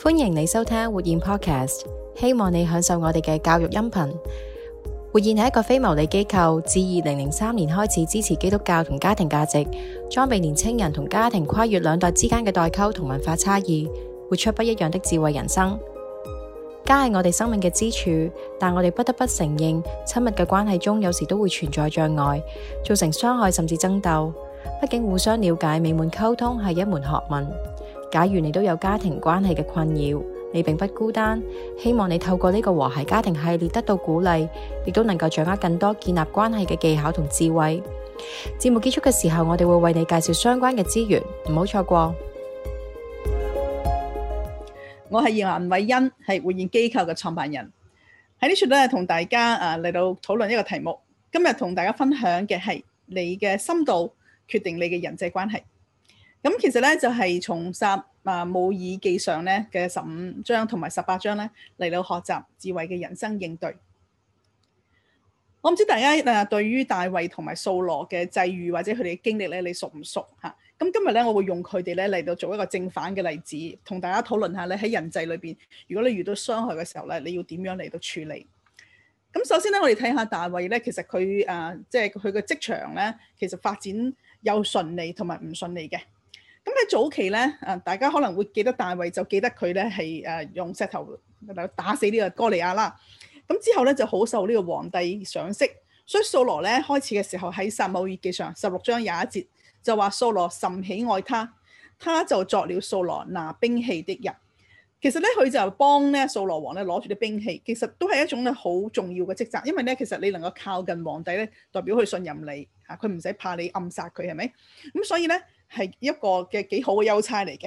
歡迎你收聽活現 Podcast，希望你享受我哋嘅教育音頻。活現係一個非牟利機構，自二零零三年開始支持基督教同家庭價值，裝備年青人同家庭跨越兩代之間嘅代溝同文化差異，活出不一樣的智慧人生。家係我哋生命嘅支柱，但我哋不得不承認，親密嘅關係中有時都會存在障礙，造成傷害甚至爭鬥。畢竟互相了解、美滿溝通係一門學問。假如你都有家庭關係嘅困擾，你並不孤單。希望你透過呢個和諧家庭系列得到鼓勵，亦都能夠掌握更多建立關係嘅技巧同智慧。節目結束嘅時候，我哋會為你介紹相關嘅資源，唔好錯過。我係葉文偉恩，係匯演機構嘅創辦人。喺呢處咧，同大家啊嚟到討論一個題目。今日同大家分享嘅係你嘅深度決定你嘅人際關係。咁其實咧就係從撒母耳記上咧嘅十五章同埋十八章咧嚟到學習智慧嘅人生應對。我唔知大家誒對於大衛同埋掃羅嘅際遇或者佢哋嘅經歷咧，你熟唔熟吓？咁今日咧，我會用佢哋咧嚟到做一個正反嘅例子，同大家討論下你喺人際裏邊，如果你遇到傷害嘅時候咧，你要點樣嚟到處理？咁首先咧，我哋睇下大衛咧，其實佢誒即係佢嘅職場咧，其實發展又順利同埋唔順利嘅。咁喺、嗯、早期咧，啊大家可能會記得大衛，就記得佢咧係誒用石頭打死呢個哥利亞啦。咁之後咧，就好受呢個皇帝賞識，所以掃羅咧開始嘅時候，喺撒母耳記上十六章廿一節就話，掃羅甚喜愛他，他就作了掃羅拿兵器的人。其實咧佢就幫咧掃羅王咧攞住啲兵器，其實都係一種咧好重要嘅職責，因為咧其實你能夠靠近皇帝咧，代表佢信任你嚇，佢唔使怕你暗殺佢係咪？咁所以咧。係一個嘅幾好嘅優差嚟嘅，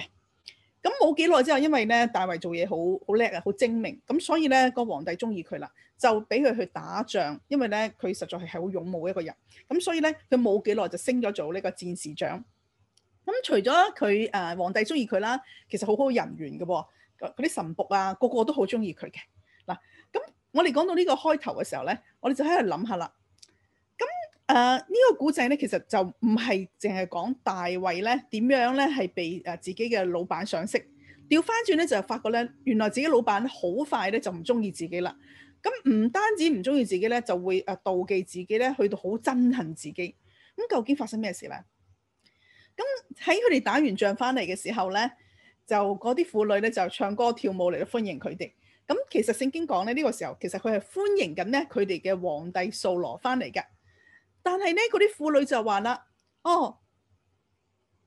咁冇幾耐之後，因為咧大衛做嘢好好叻啊，好精明，咁所以咧個皇帝中意佢啦，就俾佢去打仗，因為咧佢實在係係好勇武嘅一個人，咁所以咧佢冇幾耐就升咗做呢個戰士長。咁除咗佢誒皇帝中意佢啦，其實好好人緣嘅喎，嗰啲臣僕啊個個都好中意佢嘅。嗱，咁我哋講到呢個開頭嘅時候咧，我哋就喺度諗下啦。誒、啊這個、呢個古仔咧，其實就唔係淨係講大衛咧點樣咧係被誒自己嘅老闆賞識，調翻轉咧就發覺咧原來自己老闆好快咧就唔中意自己啦。咁唔單止唔中意自己咧，就會誒妒忌自己咧，去到好憎恨自己。咁究竟發生咩事咧？咁喺佢哋打完仗翻嚟嘅時候咧，就嗰啲婦女咧就唱歌跳舞嚟到歡迎佢哋。咁其實聖經講咧呢、這個時候其實佢係歡迎緊咧佢哋嘅皇帝掃羅翻嚟嘅。但係咧，嗰啲婦女就話啦：，哦，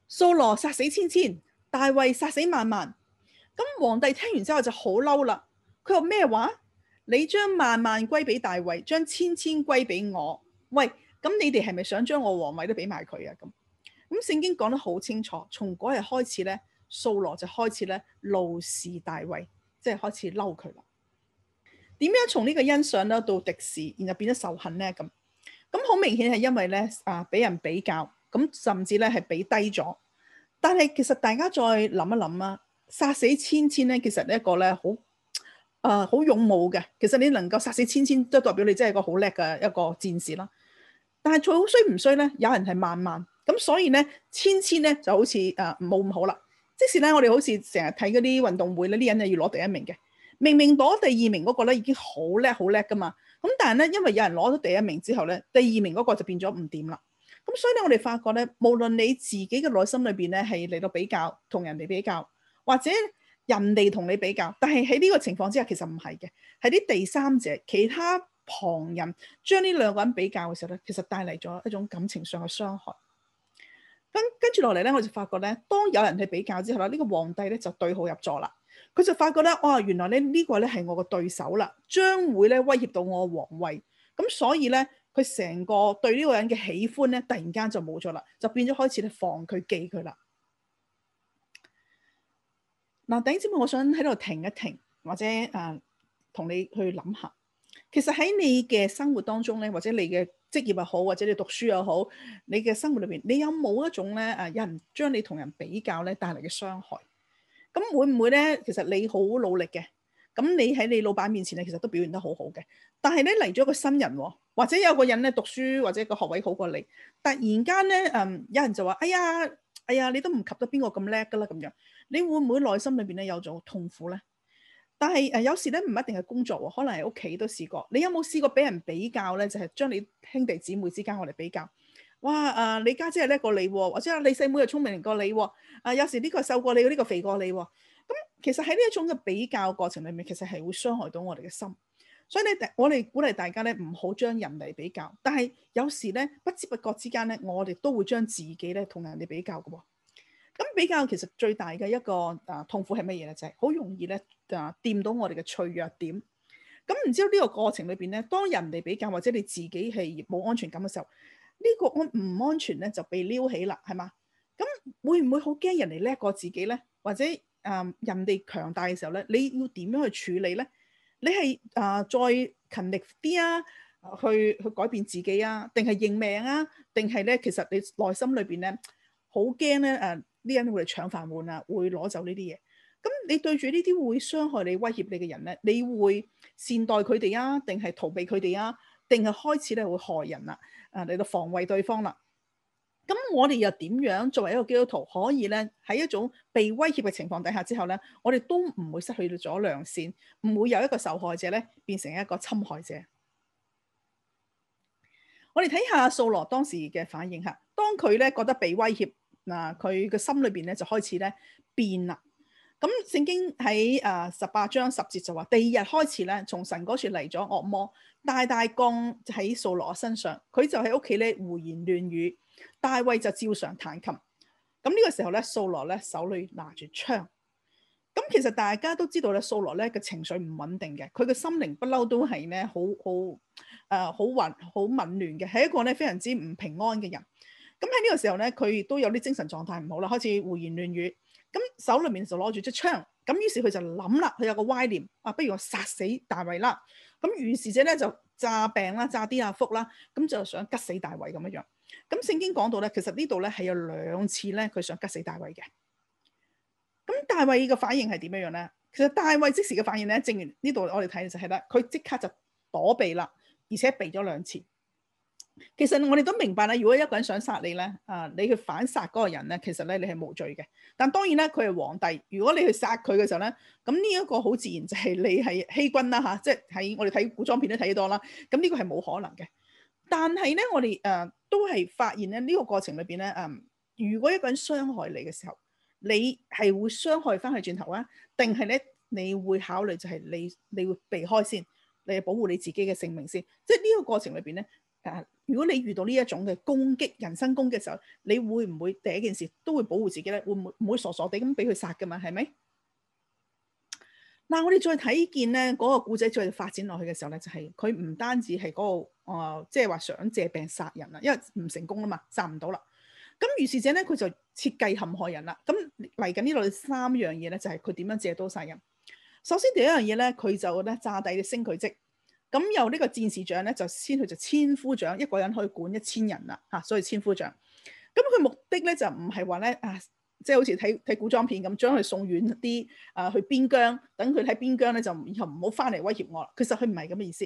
掃羅殺死千千，大衛殺死萬萬。咁皇帝聽完之後就好嬲啦。佢話咩話？你將萬萬歸俾大衛，將千千歸俾我。喂，咁你哋係咪想將我皇位都俾埋佢啊？咁，咁聖經講得好清楚，從嗰日開始咧，掃羅就開始咧怒視大衛，即係開始嬲佢啦。點樣從呢個欣賞咧到敵視，然後變咗仇恨咧？咁？咁好、嗯、明顯係因為咧啊俾人比較，咁、嗯、甚至咧係俾低咗。但係其實大家再諗一諗啊，殺死千千咧，其實一個咧好誒好勇武嘅。其實你能夠殺死千千，都代表你真係一個好叻嘅一個戰士啦。但係最好衰唔衰咧，有人係萬萬。咁，所以咧千千咧就好似誒冇咁好啦。即使咧我哋好似成日睇嗰啲運動會呢，啲人就要攞第一名嘅。明明攞第二名嗰個咧已經好叻好叻噶嘛，咁但係咧，因為有人攞咗第一名之後咧，第二名嗰個就變咗唔掂啦。咁所以咧，我哋發覺咧，無論你自己嘅內心裏邊咧係嚟到比較同人哋比較，或者人哋同你比較，但係喺呢個情況之下，其實唔係嘅，係啲第三者、其他旁人將呢兩個人比較嘅時候咧，其實帶嚟咗一種感情上嘅傷害。咁跟住落嚟咧，我就發覺咧，當有人去比較之後咧，呢個皇帝咧就對號入座啦。佢就發覺得哇、哦，原來咧呢、這個咧係我個對手啦，將會咧威脅到我皇位。咁所以咧，佢成個對呢個人嘅喜歡咧，突然間就冇咗啦，就變咗開始防佢、忌佢啦。嗱，頂先，我想喺度停一停，或者誒同、啊、你去諗下。其實喺你嘅生活當中咧，或者你嘅職業又好，或者你讀書又好，你嘅生活裏邊，你有冇一種咧有人將你同人比較咧帶嚟嘅傷害？咁會唔會咧？其實你好努力嘅，咁你喺你老闆面前咧，其實都表現得好好嘅。但係咧嚟咗個新人喎、哦，或者有個人咧讀書或者個學位好過你，突然間咧，誒、嗯、有人就話，哎呀，哎呀，你都唔及得邊個咁叻㗎啦，咁樣。你會唔會內心裏邊咧有咗痛苦咧？但係誒、呃、有時咧唔一定係工作喎、哦，可能係屋企都試過。你有冇試過俾人比較咧？就係、是、將你兄弟姊妹之間我哋比較。哇！誒，你家姐係叻過你，或者你細妹係聰明過你，誒、啊，有時呢個瘦過你，呢、這個肥過你，咁、嗯、其實喺呢一種嘅比較過程裏面，其實係會傷害到我哋嘅心。所以咧，我哋鼓勵大家咧，唔好將人哋比較。但係有時咧，不知不覺之間咧，我哋都會將自己咧同人哋比較嘅喎。咁、嗯、比較其實最大嘅一個誒痛苦係乜嘢咧？就係、是、好容易咧誒掂到我哋嘅脆弱點。咁、嗯、唔知道呢個過程裏邊咧，當人哋比較或者你自己係冇安全感嘅時候。呢個安唔安全咧，就被撩起啦，係嘛？咁會唔會好驚人哋叻過自己咧？或者誒、呃、人哋強大嘅時候咧，你要點樣去處理咧？你係誒、呃、再勤力啲啊，去去改變自己啊，定係認命啊？定係咧，其實你內心裏邊咧好驚咧誒，呢、呃、啲人會嚟搶飯碗啊，會攞走呢啲嘢。咁你對住呢啲會傷害你、威脅你嘅人咧，你會善待佢哋啊，定係逃避佢哋啊？定係開始咧會害人啦，誒嚟到防衛對方啦。咁我哋又點樣作為一個基督徒，可以咧喺一種被威脅嘅情況底下之後咧，我哋都唔會失去咗良善，唔會有一個受害者咧變成一個侵害者。我哋睇下，掃羅當時嘅反應吓，當佢咧覺得被威脅嗱，佢嘅心裏邊咧就開始咧變啦。咁聖經喺誒十八章十節就話，第二日開始咧，從神嗰處嚟咗惡魔。大大降喺掃羅身上，佢就喺屋企咧胡言亂語。大衛就照常彈琴。咁呢個時候咧，掃羅咧手裏拿住槍。咁其實大家都知道咧，掃羅咧個情緒唔穩定嘅，佢嘅心靈不嬲都係咧好好誒、呃、好混好紊亂嘅，係一個咧非常之唔平安嘅人。咁喺呢個時候咧，佢亦都有啲精神狀態唔好啦，開始胡言亂語，咁手裏面就攞住隻槍。咁於是佢就諗啦，佢有個歪念啊，不如我殺死大衛啦。咁如是者咧就詐病啦，詐啲阿福啦，咁就想吉死大衛咁樣樣。咁聖經講到咧，其實呢度咧係有兩次咧，佢想吉死大衛嘅。咁大衛嘅反應係點樣樣咧？其實大衛即時嘅反應咧，正如呢度我哋睇就係啦，佢即刻就躲避啦，而且避咗兩次。其實我哋都明白啦，如果一個人想殺你咧，啊，你去反殺嗰個人咧，其實咧你係無罪嘅。但當然咧，佢係皇帝，如果你去殺佢嘅時候咧，咁呢一個好自然就係你係欺君啦吓、啊，即係喺我哋睇古裝片都睇得多啦。咁、啊、呢、呢個係冇可能嘅。但係咧，我哋誒、啊、都係發現咧，呢、呢個過程裏邊咧，誒，如果一個人傷害你嘅時候，你係會傷害翻去轉頭咧，定係咧你會考慮就係你你會避開先，你保護你自己嘅性命先。即係呢個過程裏邊咧，啊如果你遇到呢一種嘅攻擊、人身攻擊嘅時候，你會唔會第一件事都會保護自己咧？會唔會傻傻地咁俾佢殺噶嘛？係咪？嗱，我哋再睇見咧嗰個故仔再發展落去嘅時候咧，就係佢唔單止係嗰、那個誒、呃，即係話想借病殺人啦，因為唔成功啦嘛，殺唔到啦。咁於是者咧，佢就設計陷害人啦。咁嚟緊呢度三樣嘢咧，就係佢點樣借刀殺人。首先第一樣嘢咧，佢就咧詐低升佢職。咁由呢個戰士長咧，就先去就千夫長，一個人可以管一千人啦，嚇、啊，所以千夫長。咁佢目的咧就唔係話咧啊，即係好似睇睇古裝片咁，將佢送遠啲啊去邊疆，等佢喺邊疆咧就以後唔好返嚟威脅我啦。其實佢唔係咁嘅意思，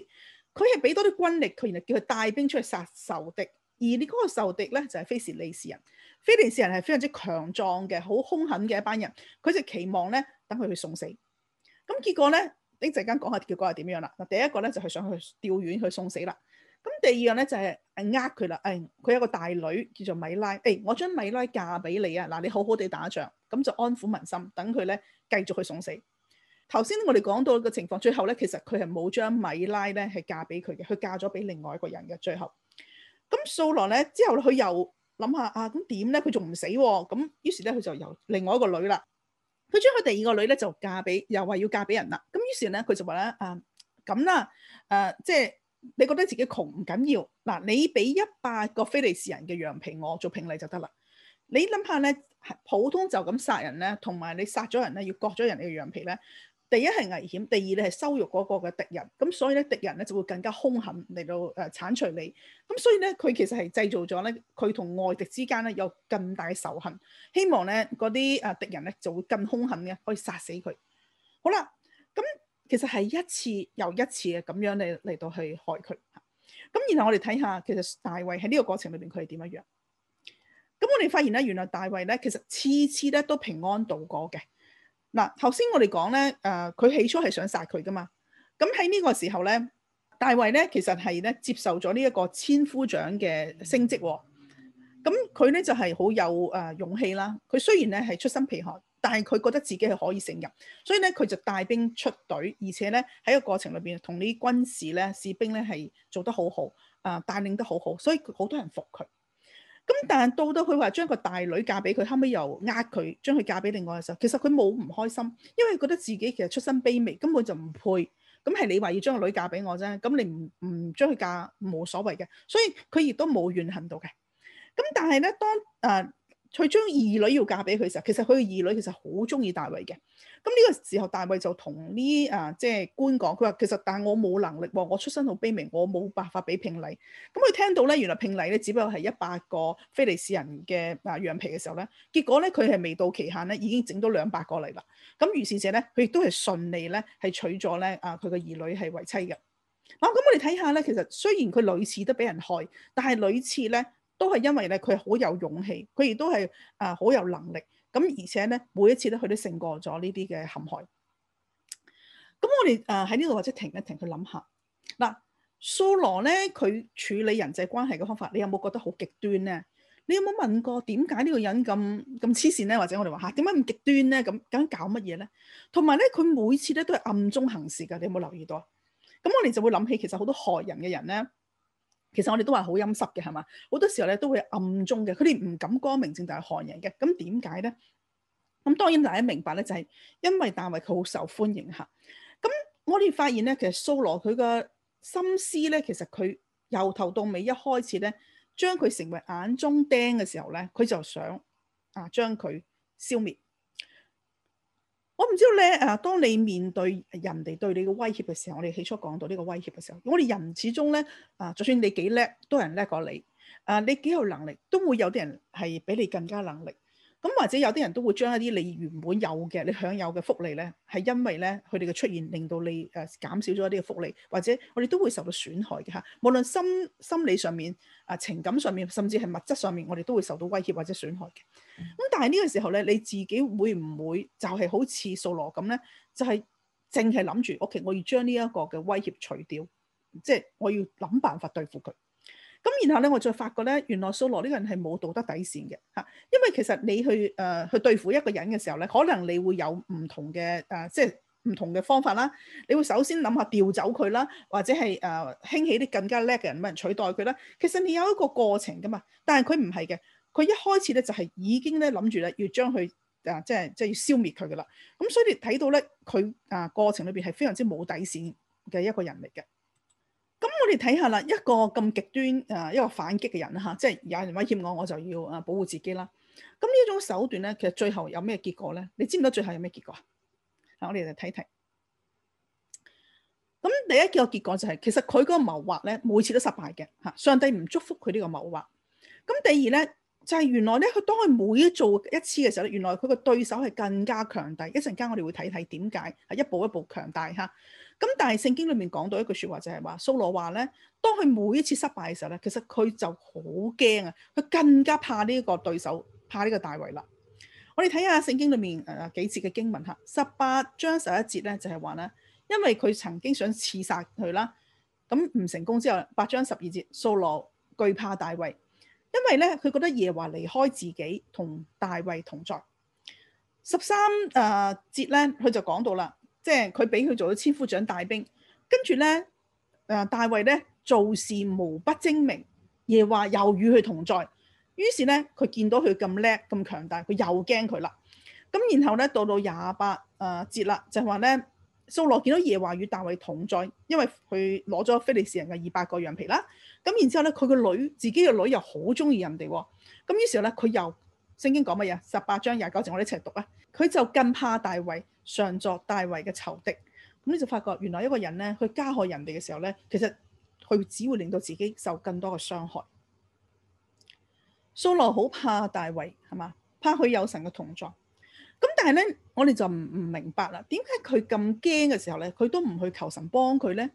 佢係俾多啲軍力，佢然後叫佢帶兵出去殺仇敵。而你嗰個仇敵咧就係非利士人，非利士人係非常之強壯嘅，好兇狠嘅一班人。佢就期望咧等佢去送死。咁結果咧。一陣間講下結果係點樣啦？嗱，第一個咧就係、是、想去調遠去送死啦。咁第二樣咧就係誒呃佢啦。誒、哎，佢有個大女叫做米拉。誒、欸，我將米拉嫁俾你啊！嗱，你好好地打仗，咁就安撫民心，等佢咧繼續去送死。頭先我哋講到個情況，最後咧其實佢係冇將米拉咧係嫁俾佢嘅，佢嫁咗俾另外一個人嘅。最後，咁掃羅咧之後想想，佢又諗下啊，咁點咧？佢仲唔死喎、啊？咁於是咧，佢就有另外一個女啦。佢將佢第二個女咧就嫁俾，又話要嫁俾人啦。咁於是咧，佢就話咧：啊，咁啦，誒，即係你覺得自己窮唔緊要，嗱，你俾一百個非利士人嘅羊皮我做聘禮就得啦。你諗下咧，普通就咁殺人咧，同埋你殺咗人咧，要割咗人哋嘅羊皮咧。第一係危險，第二咧係羞辱嗰個嘅敵人，咁所以咧，敵人咧就會更加兇狠嚟到誒剷除你，咁所以咧，佢其實係製造咗咧佢同外敵之間咧有更大仇恨，希望咧嗰啲誒敵人咧就會更兇狠嘅可以殺死佢。好啦，咁其實係一次又一次嘅咁樣嚟嚟到去害佢。咁然後我哋睇下其實大衛喺呢個過程裏邊佢係點樣樣。咁我哋發現咧，原來大衛咧其實次次咧都平安度過嘅。嗱，頭先我哋講咧，誒、呃、佢起初係想殺佢㗎嘛，咁喺呢個時候咧，大衛咧其實係咧接受咗呢一個千夫長嘅升職，咁佢咧就係、是、好有誒勇氣啦。佢雖然咧係出身貧寒，但係佢覺得自己係可以勝任，所以咧佢就帶兵出隊，而且咧喺一個過程裏邊同啲軍士咧、士兵咧係做得好好，誒、呃、帶領得好好，所以好多人服佢。咁但係到到佢話將個大女嫁俾佢，後尾又呃佢，將佢嫁俾另外嘅時候，其實佢冇唔開心，因為覺得自己其實出身卑微，根本就唔配。咁係你話要將個女嫁俾我啫，咁你唔唔將佢嫁冇所謂嘅，所以佢亦都冇怨恨到嘅。咁但係咧，當誒，呃佢將二女要嫁俾佢時候，其實佢二女其實好中意大衛嘅。咁呢個時候，大衛就同呢啊即係、就是、官講，佢話其實但係我冇能力喎，我出身好卑微，我冇辦法俾聘禮。咁佢聽到咧，原來聘禮咧，只不過係一百個非利士人嘅啊羊皮嘅時候咧，結果咧佢係未到期限咧，已經整到兩百個嚟啦。咁如是者咧，佢亦都係順利咧係娶咗咧啊佢嘅二女係為妻嘅。嗱，咁我哋睇下咧，其實雖然佢屢次都俾人害，但係屢次咧。都係因為咧，佢好有勇氣，佢亦都係啊好有能力。咁而且咧，每一次咧，佢都勝過咗呢啲嘅陷害。咁我哋啊喺呢度或者停一停，去諗下嗱，蘇羅咧佢處理人際關係嘅方法，你有冇覺得好極端咧？你有冇問過點解呢個人咁咁黐線咧？或者我哋話吓點解咁極端咧？咁究竟搞乜嘢咧？同埋咧，佢每次咧都係暗中行事㗎，你有冇留意到？咁我哋就會諗起其實好多害人嘅人咧。其實我哋都話好陰濕嘅係嘛，好多時候咧都會暗中嘅，佢哋唔敢光明正大係害人嘅。咁點解咧？咁當然大家明白咧，就係因為大衞佢好受歡迎嚇。咁我哋發現咧，其實掃羅佢嘅心思咧，其實佢由頭到尾一開始咧，將佢成為眼中釘嘅時候咧，佢就想啊將佢消滅。我唔知道咧，啊！當你面對人哋對你嘅威脅嘅時候，我哋起初講到呢個威脅嘅時候，我哋人始終咧，啊！就算你幾叻，都有人叻過你，啊！你幾有能力，都會有啲人係比你更加能力。咁或者有啲人都會將一啲你原本有嘅你享有嘅福利咧，係因為咧佢哋嘅出現令到你誒、呃、減少咗一啲嘅福利，或者我哋都會受到損害嘅嚇。無論心心理上面啊、呃、情感上面，甚至係物質上面，我哋都會受到威脅或者損害嘅。咁但係呢個時候咧，你自己會唔會就係好似掃羅咁咧？就係淨係諗住 OK，我要將呢一個嘅威脅除掉，即係，我要諗辦法對付佢。咁然後咧，我再發覺咧，原來蘇羅呢個人係冇道德底線嘅嚇、啊，因為其實你去誒、呃、去對付一個人嘅時候咧，可能你會有唔同嘅誒、呃，即係唔同嘅方法啦。你會首先諗下調走佢啦，或者係誒、呃、興起啲更加叻嘅人，俾人取代佢啦。其實你有一個過程噶嘛，但係佢唔係嘅，佢一開始咧就係、是、已經咧諗住啦，要將佢誒即係即係要消滅佢噶啦。咁所以你睇到咧，佢誒、呃、過程裏邊係非常之冇底線嘅一個人嚟嘅。咁我哋睇下啦，一個咁極端誒一個反擊嘅人啦、啊、即係有人威脅我，我就要誒保護自己啦。咁、啊、呢種手段咧，其實最後有咩結果咧？你知唔知最後有咩結果啊？啊，我哋嚟睇睇。咁、啊、第一個結果就係、是、其實佢嗰個謀劃咧，每次都失敗嘅嚇、啊。上帝唔祝福佢呢個謀劃。咁、啊、第二咧就係、是、原來咧，佢當佢每做一次嘅時候咧，原來佢個對手係更加強大。一陣間我哋會睇睇點解係一步一步強大嚇。啊。咁但係聖經裏面講到一句說話就係話，蘇羅話咧，當佢每一次失敗嘅時候咧，其實佢就好驚啊，佢更加怕呢一個對手，怕呢個大衛啦。我哋睇下聖經裏面誒幾節嘅經文吓，十八章十一節咧就係話咧，因為佢曾經想刺殺佢啦，咁唔成功之後，八章十二節，蘇羅懼怕大衛，因為咧佢覺得耶華離開自己，同大衛同在。十三誒節咧，佢就講到啦。即係佢俾佢做咗千夫長大兵，跟住咧，誒、呃、大衛咧做事無不精明，耶華又與佢同在。於是咧，佢見到佢咁叻咁強大，佢又驚佢啦。咁然後咧，到到廿八誒節啦，就係話咧，掃羅見到耶華與大衛同在，因為佢攞咗非利士人嘅二百個羊皮啦。咁然之後咧，佢個女自己嘅女又好中意人哋喎。咁於是咧，佢又聖經講乜嘢？十八章廿九節，我哋一齊讀啊！佢就更怕大衛。上作大衛嘅仇敵，咁你就發覺原來一個人咧，佢加害人哋嘅時候咧，其實佢只會令到自己受更多嘅傷害。掃羅好怕大衛，係嘛？怕佢有神嘅同在。咁但係咧，我哋就唔唔明白啦。點解佢咁驚嘅時候咧，佢都唔去求神幫佢咧？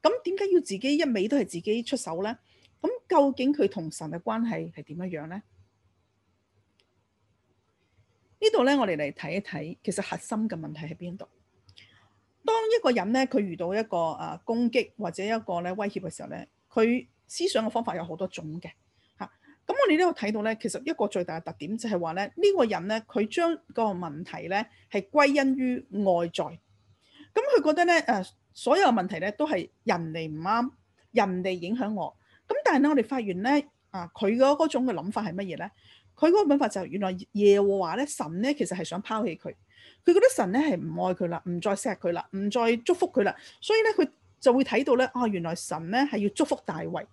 咁點解要自己一味都係自己出手咧？咁究竟佢同神嘅關係係點樣樣咧？呢度咧，我哋嚟睇一睇，其實核心嘅問題喺邊度？當一個人咧，佢遇到一個啊攻擊或者一個咧威脅嘅時候咧，佢思想嘅方法有好多種嘅嚇。咁、啊嗯、我哋呢度睇到咧，其實一個最大嘅特點就係話咧，呢、呢個人咧，佢將個問題咧係歸因於外在。咁、嗯、佢覺得咧，誒、啊、所有問題咧都係人哋唔啱，人哋影響我。咁、嗯、但係咧，我哋發現咧，啊佢嗰種嘅諗法係乜嘢咧？佢嗰個諗法就係、原來耶和華咧神咧其實係想拋棄佢，佢覺得神咧係唔愛佢啦，唔再錫佢啦，唔再祝福佢啦，所以咧佢就會睇到咧啊、哦、原來神咧係要祝福大衛，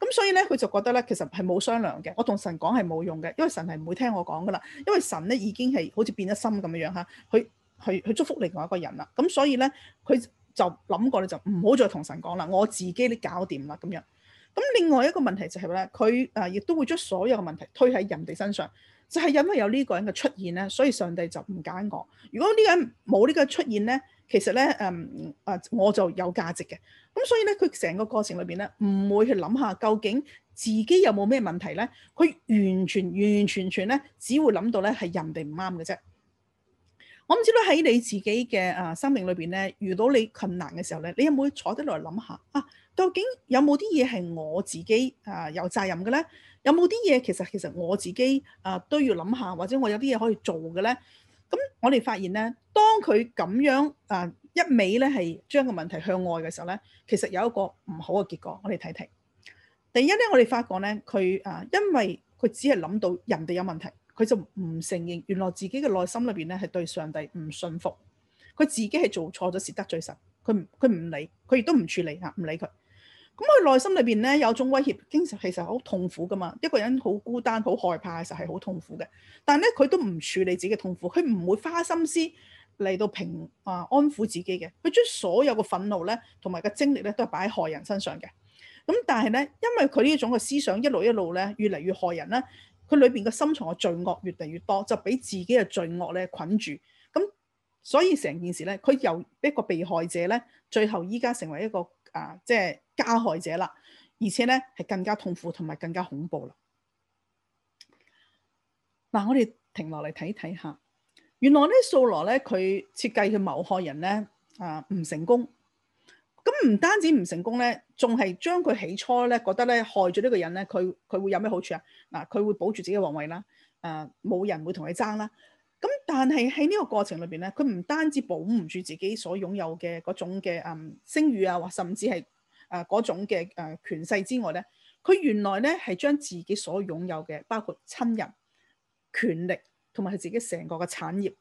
咁所以咧佢就覺得咧其實係冇商量嘅，我同神講係冇用嘅，因為神係唔會聽我講噶啦，因為神咧已經係好似變咗心咁嘅樣嚇，去去去祝福另外一個人啦，咁所以咧佢就諗過咧就唔好再同神講啦，我自己都搞掂啦咁樣。咁另外一個問題就係話咧，佢誒亦都會將所有嘅問題推喺人哋身上，就係因為有呢個人嘅出現咧，所以上帝就唔揀我。如果呢個人冇呢個出現咧，其實咧誒誒我就有價值嘅。咁所以咧，佢成個過程裏邊咧，唔會去諗下究竟自己有冇咩問題咧，佢完全完完全全咧，只會諗到咧係人哋唔啱嘅啫。我唔知道喺你自己嘅啊生命裏邊咧，遇到你困難嘅時候咧，你有冇坐得落嚟諗下想想啊？究竟有冇啲嘢係我自己啊有責任嘅咧？有冇啲嘢其實其實我自己啊都要諗下，或者我有啲嘢可以做嘅咧？咁我哋發現咧，當佢咁樣啊一味咧係將個問題向外嘅時候咧，其實有一個唔好嘅結果。我哋睇睇第一咧，我哋發覺咧，佢啊因為佢只係諗到人哋有問題。佢就唔承認，原來自己嘅內心裏邊咧係對上帝唔信服，佢自己係做錯咗事得罪神，佢唔佢唔理，佢亦都唔處理啊，唔理佢。咁佢內心裏邊咧有種威脅，經常其實好痛苦㗎嘛，一個人好孤單、好害怕嘅時候係好痛苦嘅。但係咧，佢都唔處理自己嘅痛苦，佢唔會花心思嚟到平啊安撫自己嘅，佢將所有嘅憤怒咧同埋個精力咧都係擺喺害人身上嘅。咁但係咧，因為佢呢種嘅思想一路一路咧越嚟越害人咧。佢裏邊嘅深藏嘅罪惡越嚟越多，就俾自己嘅罪惡咧捆住。咁所以成件事咧，佢由一個被害者咧，最後依家成為一個啊，即係加害者啦。而且咧，係更加痛苦同埋更加恐怖啦。嗱，我哋停落嚟睇睇下，原來咧，掃羅咧佢設計嘅謀害人咧啊，唔成功。咁唔單止唔成功咧。仲係將佢起初咧覺得咧害咗呢個人咧，佢佢會有咩好處啊？嗱，佢會保住自己嘅皇位啦，誒、啊、冇人會同佢爭啦。咁、啊、但係喺呢個過程裏邊咧，佢唔單止保唔住自己所擁有嘅嗰種嘅誒聲譽啊，或甚至係誒嗰種嘅誒權勢之外咧，佢原來咧係將自己所擁有嘅包括親人、權力同埋係自己成個嘅產業。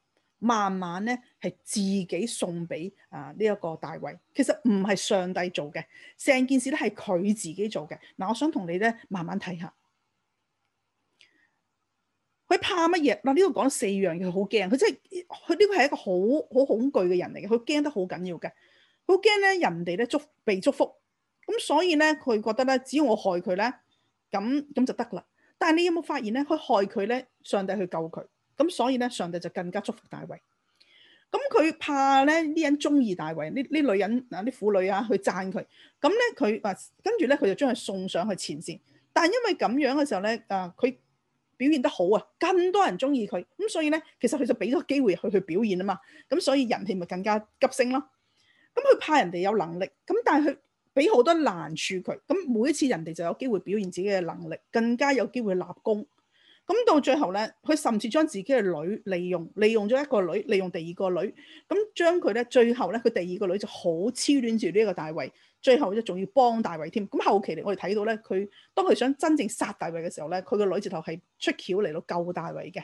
慢慢咧，係自己送俾啊呢一個大衛，其實唔係上帝做嘅，成件事咧係佢自己做嘅。嗱，我想同你咧慢慢睇下，佢怕乜嘢？嗱，呢度講四樣嘢，佢好驚，佢真係佢呢個係一個好好恐懼嘅人嚟嘅，佢驚得好緊要嘅，佢好驚咧人哋咧祝被祝福，咁所以咧佢覺得咧只要我害佢咧，咁咁就得啦。但係你有冇發現咧，佢害佢咧，上帝去救佢。咁所以咧，上帝就更加祝福大衛。咁佢怕咧，呢啲人中意大衛，呢呢女人啊啲婦女啊，去讚佢。咁咧佢話，跟住咧佢就將佢送上去前線。但係因為咁樣嘅時候咧，啊佢表現得好啊，咁多人中意佢。咁所以咧，其實佢就俾咗機會去去表現啊嘛。咁所以人氣咪更加急升咯。咁佢怕人哋有能力，咁但係佢俾好多難處佢。咁每一次人哋就有機會表現自己嘅能力，更加有機會立功。咁到最後咧，佢甚至將自己嘅女利用，利用咗一個女，利用第二個女，咁將佢咧最後咧，佢第二個女就好痴戀住呢一個大衛，最後咧仲要幫大衛添。咁後期嚟，我哋睇到咧，佢當佢想真正殺大衛嘅時候咧，佢個女直頭係出橋嚟到救大衛嘅。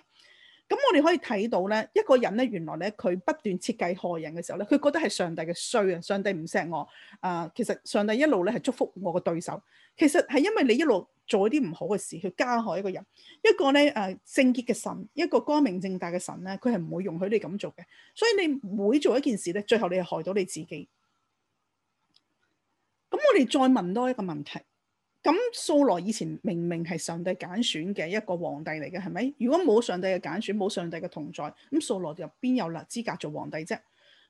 咁我哋可以睇到咧，一個人咧，原來咧佢不斷設計害人嘅時候咧，佢覺得係上帝嘅衰啊，上帝唔錫我啊、呃。其實上帝一路咧係祝福我嘅對手，其實係因為你一路。做一啲唔好嘅事，去加害一個人。一個咧誒聖潔嘅神，一個光明正大嘅神咧，佢係唔會容許你咁做嘅。所以你每做一件事咧，最後你係害到你自己。咁我哋再問多一個問題，咁掃羅以前明明係上帝揀選嘅一個皇帝嚟嘅，係咪？如果冇上帝嘅揀選，冇上帝嘅同在，咁掃羅入邊有冇資格做皇帝啫？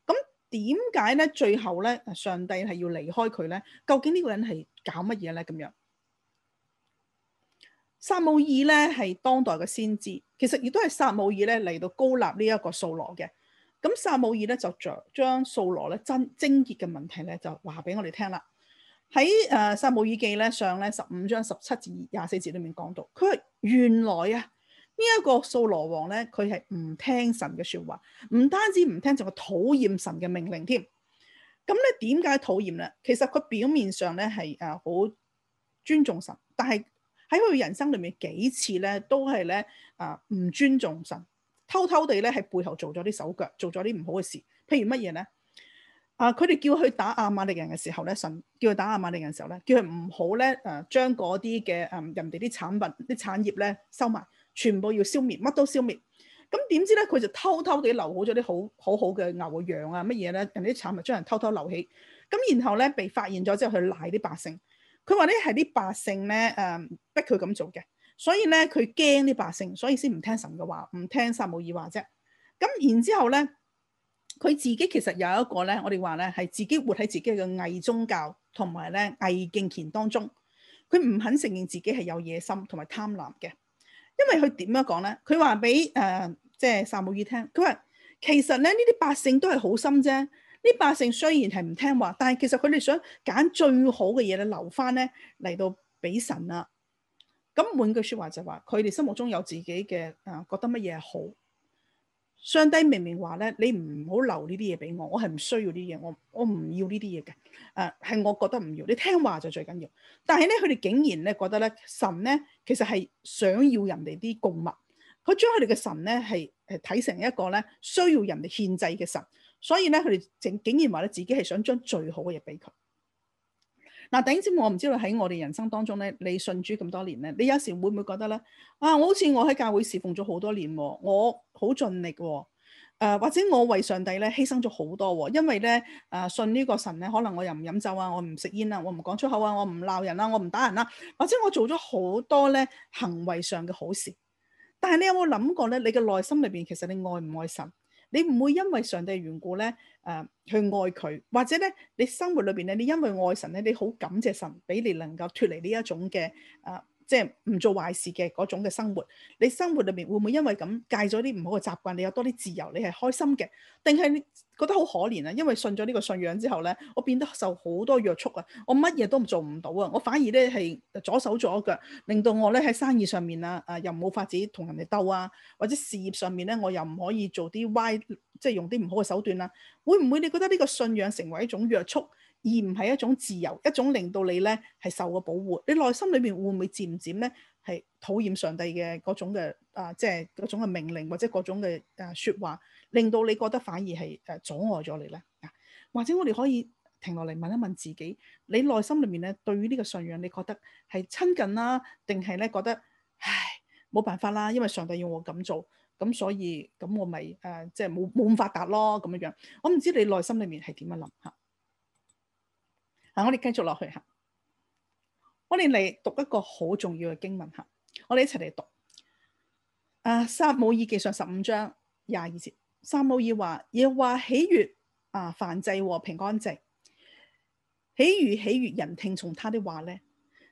咁點解咧？最後咧，上帝係要離開佢咧？究竟呢個人係搞乜嘢咧？咁樣？撒母耳咧係當代嘅先知，其實亦都係撒母耳咧嚟到高立掃羅、嗯、呢一個掃羅嘅。咁撒母耳咧就將將掃羅咧真精結嘅問題咧就話俾我哋聽啦。喺誒撒母耳記咧上咧十五章十七至廿四節裡面講到，佢係原來啊、這個、掃羅呢一個掃羅王咧佢係唔聽神嘅説話，唔單止唔聽，就係討厭神嘅命令添。咁咧點解討厭咧？其實佢表面上咧係誒好尊重神，但係。喺佢人生裏面幾次咧，都係咧啊唔尊重神，偷偷地咧喺背後做咗啲手腳，做咗啲唔好嘅事。譬如乜嘢咧？啊，佢哋叫佢打亞瑪力人嘅時候咧，神叫佢打亞瑪力人嘅時候咧，叫佢唔好咧啊，將嗰啲嘅嗯人哋啲產品、啲產業咧收埋，全部要消滅，乜都消滅。咁點知咧，佢就偷偷地留好咗啲好好好嘅牛、羊啊乜嘢咧，人哋啲產品將人偷偷留起。咁然後咧，被發現咗之後，佢賴啲百姓。佢話咧係啲百姓咧，誒、呃、逼佢咁做嘅，所以咧佢驚啲百姓，所以先唔聽神嘅話，唔聽撒母耳話啫。咁然之後咧，佢自己其實有一個咧，我哋話咧係自己活喺自己嘅偽宗教同埋咧偽敬虔當中，佢唔肯承認自己係有野心同埋貪婪嘅，因為佢點樣講咧？佢話俾誒即係撒母耳聽，佢話其實咧呢啲百姓都係好心啫。呢百姓雖然係唔聽話，但係其實佢哋想揀最好嘅嘢咧留翻咧嚟到俾神喇。咁換句説話就話，佢哋心目中有自己嘅啊，覺得乜嘢好？上帝明明話咧，你唔好留呢啲嘢俾我，我係唔需要呢啲嘢，我我唔要呢啲嘢嘅。誒、啊，係我覺得唔要，你聽話就最緊要。但係咧，佢哋竟然咧覺得咧，神咧其實係想要人哋啲供物，佢將佢哋嘅神咧係誒睇成一個咧需要人哋獻祭嘅神。所以咧，佢哋竟然話咧，自己係想將最好嘅嘢俾佢。嗱、啊，頂尖，我唔知道喺我哋人生當中咧，你信主咁多年咧，你有時會唔會覺得咧？啊，我好似我喺教會侍奉咗好多年，我好盡力喎、哦啊，或者我為上帝咧犧牲咗好多喎、哦，因為咧，誒、啊，信呢個神咧，可能我又唔飲酒啊，我唔食煙啊，我唔講出口啊，我唔鬧人啦、啊，我唔打人啦、啊，或者我做咗好多咧行為上嘅好事。但係你有冇諗過咧？你嘅內心裏邊其實你愛唔愛神？你唔會因為上帝緣故咧，誒、呃、去愛佢，或者咧，你生活裏邊咧，你因為愛神咧，你好感謝神俾你能夠脫離呢一種嘅誒。呃即係唔做壞事嘅嗰種嘅生活，你生活裏面會唔會因為咁戒咗啲唔好嘅習慣，你有多啲自由，你係開心嘅？定係你覺得好可憐啊？因為信咗呢個信仰之後咧，我變得受好多約束啊，我乜嘢都唔做唔到啊，我反而咧係左手左腳，令到我咧喺生意上面啊，啊又冇法子同人哋鬥啊，或者事業上面咧我又唔可以做啲歪，即係用啲唔好嘅手段啦。會唔會你覺得呢個信仰成為一種約束？而唔係一種自由，一種令到你咧係受過保護。你內心裏面會唔會漸漸咧係討厭上帝嘅嗰種嘅啊，即係嗰種嘅命令或者嗰種嘅誒説話，令到你覺得反而係誒阻礙咗你咧？或者我哋可以停落嚟問一問自己，你內心裏面咧對於呢個信仰，你覺得係親近啦、啊，定係咧覺得唉冇辦法啦，因為上帝要我咁做，咁所以咁我咪誒、啊、即係冇冇咁發達咯咁樣樣。我唔知你內心裏面係點樣諗嚇。嗱，我哋繼續落去吓。我哋嚟讀一個好重要嘅經文吓。我哋一齊嚟讀《啊撒母耳記上十五章廿二節》爾。撒母耳話：，耶和華喜悅啊，燔祭和、哦、平安祭，豈如喜悅人聽從他的話咧，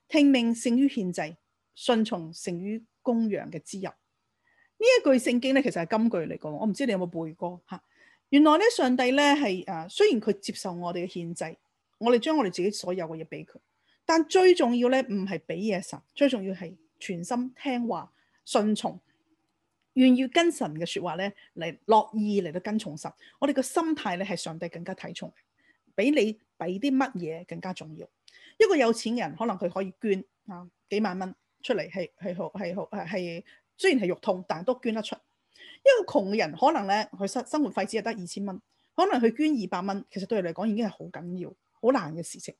聽命勝於獻祭，順從勝於公羊嘅脂油。呢一句聖經咧，其實係金句嚟講。我唔知你有冇背過吓？啊。原來咧，上帝咧係誒，雖然佢接受我哋嘅獻祭。我哋將我哋自己所有嘅嘢俾佢，但最重要咧唔係俾嘢神，最重要係全心聽話、順從、願意跟神嘅説話咧，嚟樂意嚟到跟從神。我哋個心態咧係上帝更加睇重，比你俾啲乜嘢更加重要。一個有錢人可能佢可以捐啊幾萬蚊出嚟，係係好係好係係雖然係肉痛，但都捐得出。一個窮人可能咧佢生生活費只係得二千蚊，可能佢捐二百蚊，其實對佢嚟講已經係好緊要，好難嘅事情，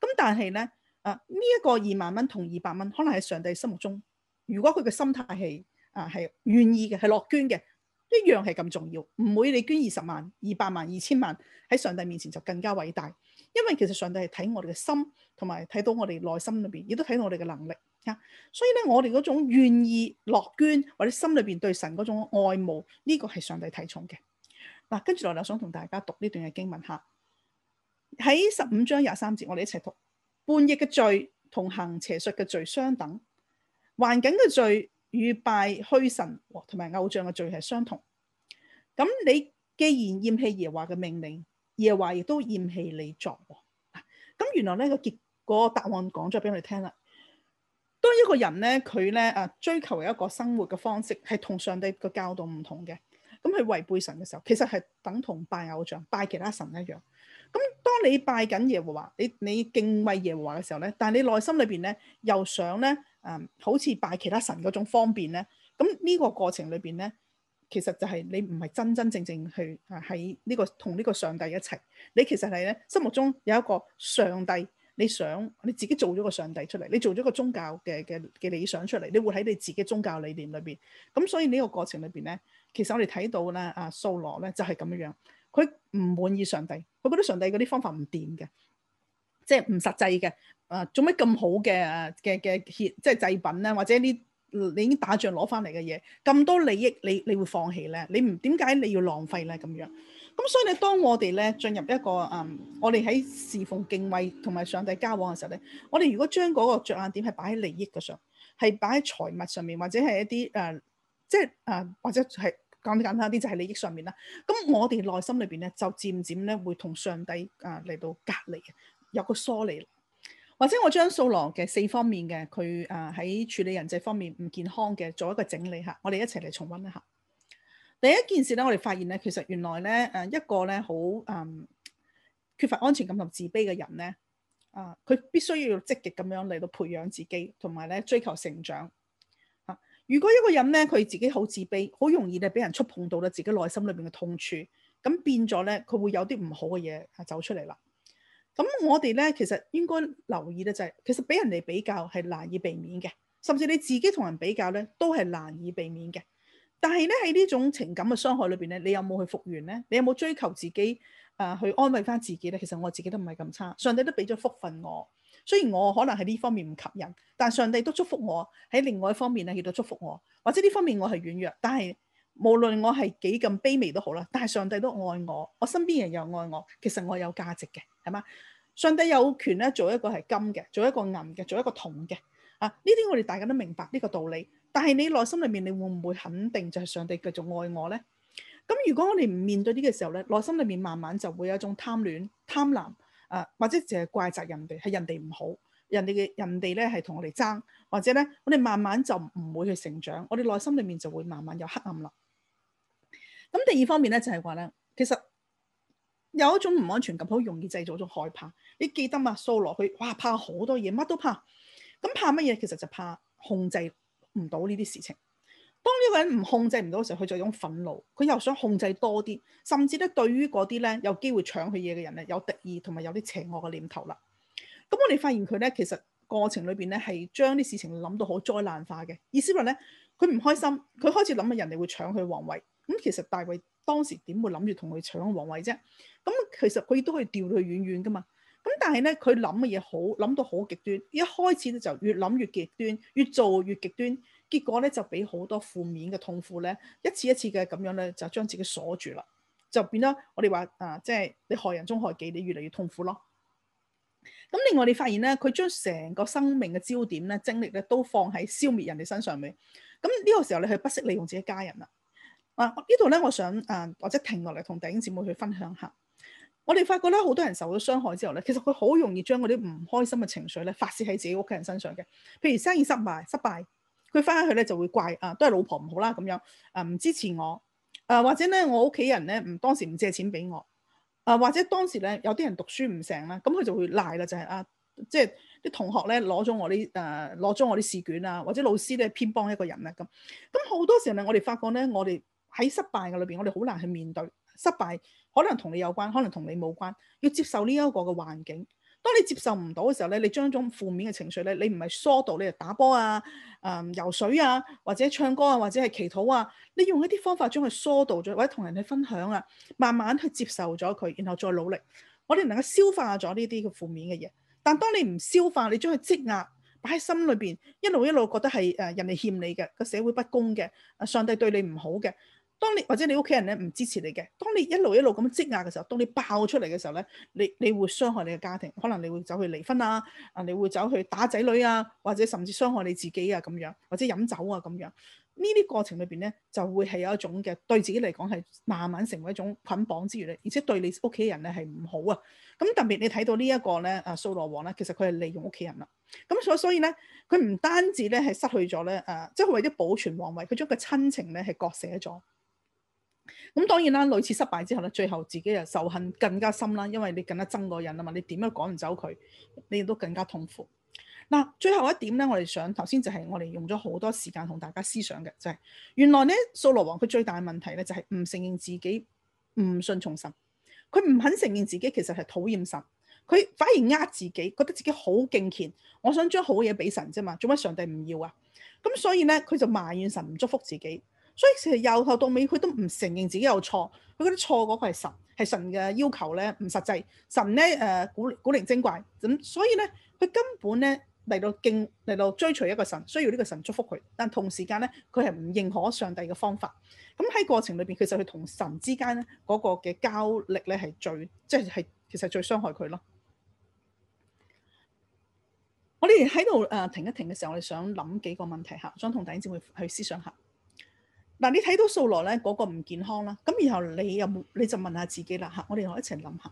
咁但係咧，啊呢一個二萬蚊同二百蚊，可能喺上帝心目中，如果佢嘅心態係啊係願意嘅，係樂捐嘅，一樣係咁重要，唔會你捐二十萬、二百萬、二千萬喺上帝面前就更加偉大，因為其實上帝係睇我哋嘅心，同埋睇到我哋內心裏邊，亦都睇到我哋嘅能力。吓，所以咧我哋嗰種願意樂捐或者心裏邊對神嗰種愛慕，呢個係上帝睇重嘅。嗱，跟住落嚟，我想同大家讀呢段嘅經文吓。喺十五章廿三節，我哋一齊讀。悖逆嘅罪同行邪術嘅罪相等，環境嘅罪與拜虛神同埋偶像嘅罪係相同。咁你既然厭棄耶華嘅命令，耶華亦都厭棄你作。咁原來呢個結果答案講咗俾我哋聽啦。當一個人咧佢咧啊追求一個生活嘅方式係同上帝嘅教導唔同嘅，咁佢違背神嘅時候，其實係等同拜偶像、拜其他神一樣。咁，當你拜緊耶和華，你你敬畏耶和華嘅時候咧，但係你內心裏邊咧，又想咧，誒，好似拜其他神嗰種方便咧。咁呢個過程裏邊咧，其實就係你唔係真真正正去喺呢個同呢個上帝一齊。你其實係咧，心目中有一個上帝，你想你自己做咗個上帝出嚟，你做咗個宗教嘅嘅嘅理想出嚟，你會喺你自己宗教理念裏邊。咁所以呢個過程裏邊咧，其實我哋睇到咧，阿掃羅咧就係咁樣樣。佢唔滿意上帝，佢覺得上帝嗰啲方法唔掂嘅，即係唔實際嘅。誒、呃，做咩咁好嘅嘅嘅協，即係祭品咧，或者你你已經打仗攞翻嚟嘅嘢，咁多利益你，你你會放棄咧？你唔點解你要浪費咧？咁樣，咁所以咧，當我哋咧進入一個誒、嗯，我哋喺侍奉敬畏同埋上帝交往嘅時候咧，我哋如果將嗰個着眼點係擺喺利益嘅上，係擺喺財物上面，或者係一啲誒，即係誒，或者係。講得簡單啲就係利益上面啦，咁我哋內心裏邊咧就漸漸咧會同上帝啊嚟到隔離，有個疏離。或者我將素羅嘅四方面嘅佢啊喺處理人際方面唔健康嘅做一個整理嚇，我哋一齊嚟重溫一下。第一件事咧，我哋發現咧，其實原來咧誒一個咧好誒缺乏安全感同自卑嘅人咧啊，佢必須要積極咁樣嚟到培養自己，同埋咧追求成長。如果一個人咧，佢自己好自卑，好容易咧俾人觸碰到咧自己內心裏邊嘅痛處，咁變咗咧，佢會有啲唔好嘅嘢係走出嚟啦。咁我哋咧其實應該留意嘅就係，其實俾人哋比較係難以避免嘅，甚至你自己同人比較咧都係難以避免嘅。但係咧喺呢種情感嘅傷害裏邊咧，你有冇去復原咧？你有冇追求自己啊、呃、去安慰翻自己咧？其實我自己都唔係咁差，上帝都俾咗福分我。雖然我可能喺呢方面唔吸引，但上帝都祝福我喺另外一方面咧，亦都祝福我。或者呢方面我係軟弱，但係無論我係幾咁卑微都好啦，但係上帝都愛我，我身邊人又愛我，其實我係有價值嘅，係嘛？上帝有權咧做一個係金嘅，做一個銀嘅，做一個銅嘅啊！呢啲我哋大家都明白呢個道理，但係你內心裏面你會唔會肯定就係上帝繼續愛我咧？咁如果我哋唔面對呢個時候咧，內心裏面慢慢就會有一種貪戀、貪婪。啊，或者就係怪責人哋，係人哋唔好，人哋嘅人哋咧係同我哋爭，或者咧我哋慢慢就唔會去成長，我哋內心裡面就會慢慢有黑暗啦。咁第二方面咧就係話咧，其實有一種唔安全感，好容易製造咗害怕。你記得嘛，掃落去，哇，怕好多嘢，乜都怕。咁怕乜嘢？其實就怕控制唔到呢啲事情，當呢個人唔控制唔到嘅時候，佢就有種憤怒，佢又想控制多啲，甚至咧對於嗰啲咧有機會搶佢嘢嘅人咧有敵意，同埋有啲邪惡嘅念頭啦。咁我哋發現佢咧，其實過程裏邊咧係將啲事情諗到好災難化嘅意思。例咧，佢唔開心，佢開始諗啊人哋會搶佢皇位。咁其實大衛當時點會諗住同佢搶皇位啫？咁其實佢都可以掉去遠遠噶嘛。咁但係咧，佢諗嘅嘢好諗到好極端，一開始就越諗越極端，越做越極端。結果咧就俾好多負面嘅痛苦咧，一次一次嘅咁樣咧，就將自己鎖住啦，就變咗我哋話啊，即係你害人中害己，你越嚟越痛苦咯。咁另外你發現咧，佢將成個生命嘅焦點咧、精力咧，都放喺消滅人哋身上面。咁呢個時候你係不惜利用自己家人啦。啊，呢度咧我想啊，或者停落嚟同弟兄姊妹去分享下。我哋發覺咧，好多人受咗傷害之後咧，其實佢好容易將嗰啲唔開心嘅情緒咧，發泄喺自己屋企人身上嘅。譬如生意失敗、失敗。佢翻返去咧就會怪啊，都係老婆唔好啦咁樣啊，唔支持我啊，或者咧我屋企人咧唔當時唔借錢俾我啊，或者當時咧有啲人讀書唔成啦，咁、啊、佢、嗯、就會賴啦，就係、是、啊，即係啲同學咧攞咗我啲啊攞咗我啲試卷啊，或者老師咧偏幫一個人咧咁。咁、啊、好、嗯嗯、多時候咧，我哋發覺咧，我哋喺失敗嘅裏邊，我哋好難去面對失敗，可能同你有關，可能同你冇關，要接受呢一個嘅環境。當你接受唔到嘅時候咧，你將一種負面嘅情緒咧，你唔係疏導，你就打波啊，誒、呃、游水啊，或者唱歌啊，或者係祈禱啊，你用一啲方法將佢疏導咗，或者同人哋分享啊，慢慢去接受咗佢，然後再努力，我哋能夠消化咗呢啲嘅負面嘅嘢。但當你唔消化，你將佢積壓擺喺心裏邊，一路一路覺得係誒人哋欠你嘅，個社會不公嘅，上帝對你唔好嘅。當你或者你屋企人咧唔支持你嘅，當你一路一路咁積壓嘅時候，當你爆出嚟嘅時候咧，你你會傷害你嘅家庭，可能你會走去離婚啊，啊你會走去打仔女啊，或者甚至傷害你自己啊咁樣，或者飲酒啊咁樣。呢啲過程裏邊咧，就會係有一種嘅對自己嚟講係慢慢成為一種捆綁之餘咧，而且對你屋企人咧係唔好啊。咁特別你睇到呢一個咧，啊掃羅王咧，其實佢係利用屋企人啦。咁所所以咧，佢唔單止咧係失去咗咧，誒，即係為咗保存王位，佢將個親情咧係割捨咗。咁當然啦，類似失敗之後咧，最後自己又仇恨更加深啦，因為你更加憎嗰個人啊嘛，你點都趕唔走佢，你亦都更加痛苦。嗱，最後一點咧，我哋想頭先就係我哋用咗好多時間同大家思想嘅，就係原來咧，掃羅王佢最大嘅問題咧，就係唔承認自己唔信從神，佢唔肯承認自己其實係討厭神，佢反而呃自己，覺得自己好敬虔，我想將好嘢俾神啫嘛，做乜上帝唔要啊？咁所以咧，佢就埋怨神唔祝福自己。所以其實由頭到尾佢都唔承認自己有錯，佢覺得錯嗰個係神，係神嘅要求咧唔實際，神咧，誒古古靈精怪咁，所以咧佢根本咧嚟到敬，嚟到追隨一個神，需要呢個神祝福佢，但同時間咧佢係唔認可上帝嘅方法。咁喺過程裏邊，其實佢同神之間咧嗰個嘅交力咧係最即係、係，其實最傷害佢咯。我哋喺度誒停一停嘅時候，我哋想諗幾個問題嚇，想同弟兄姊妹去思想下。嗱，你睇到數落咧嗰個唔健康啦，咁然後你有冇你就問下自己啦嚇，我哋可一齊諗下。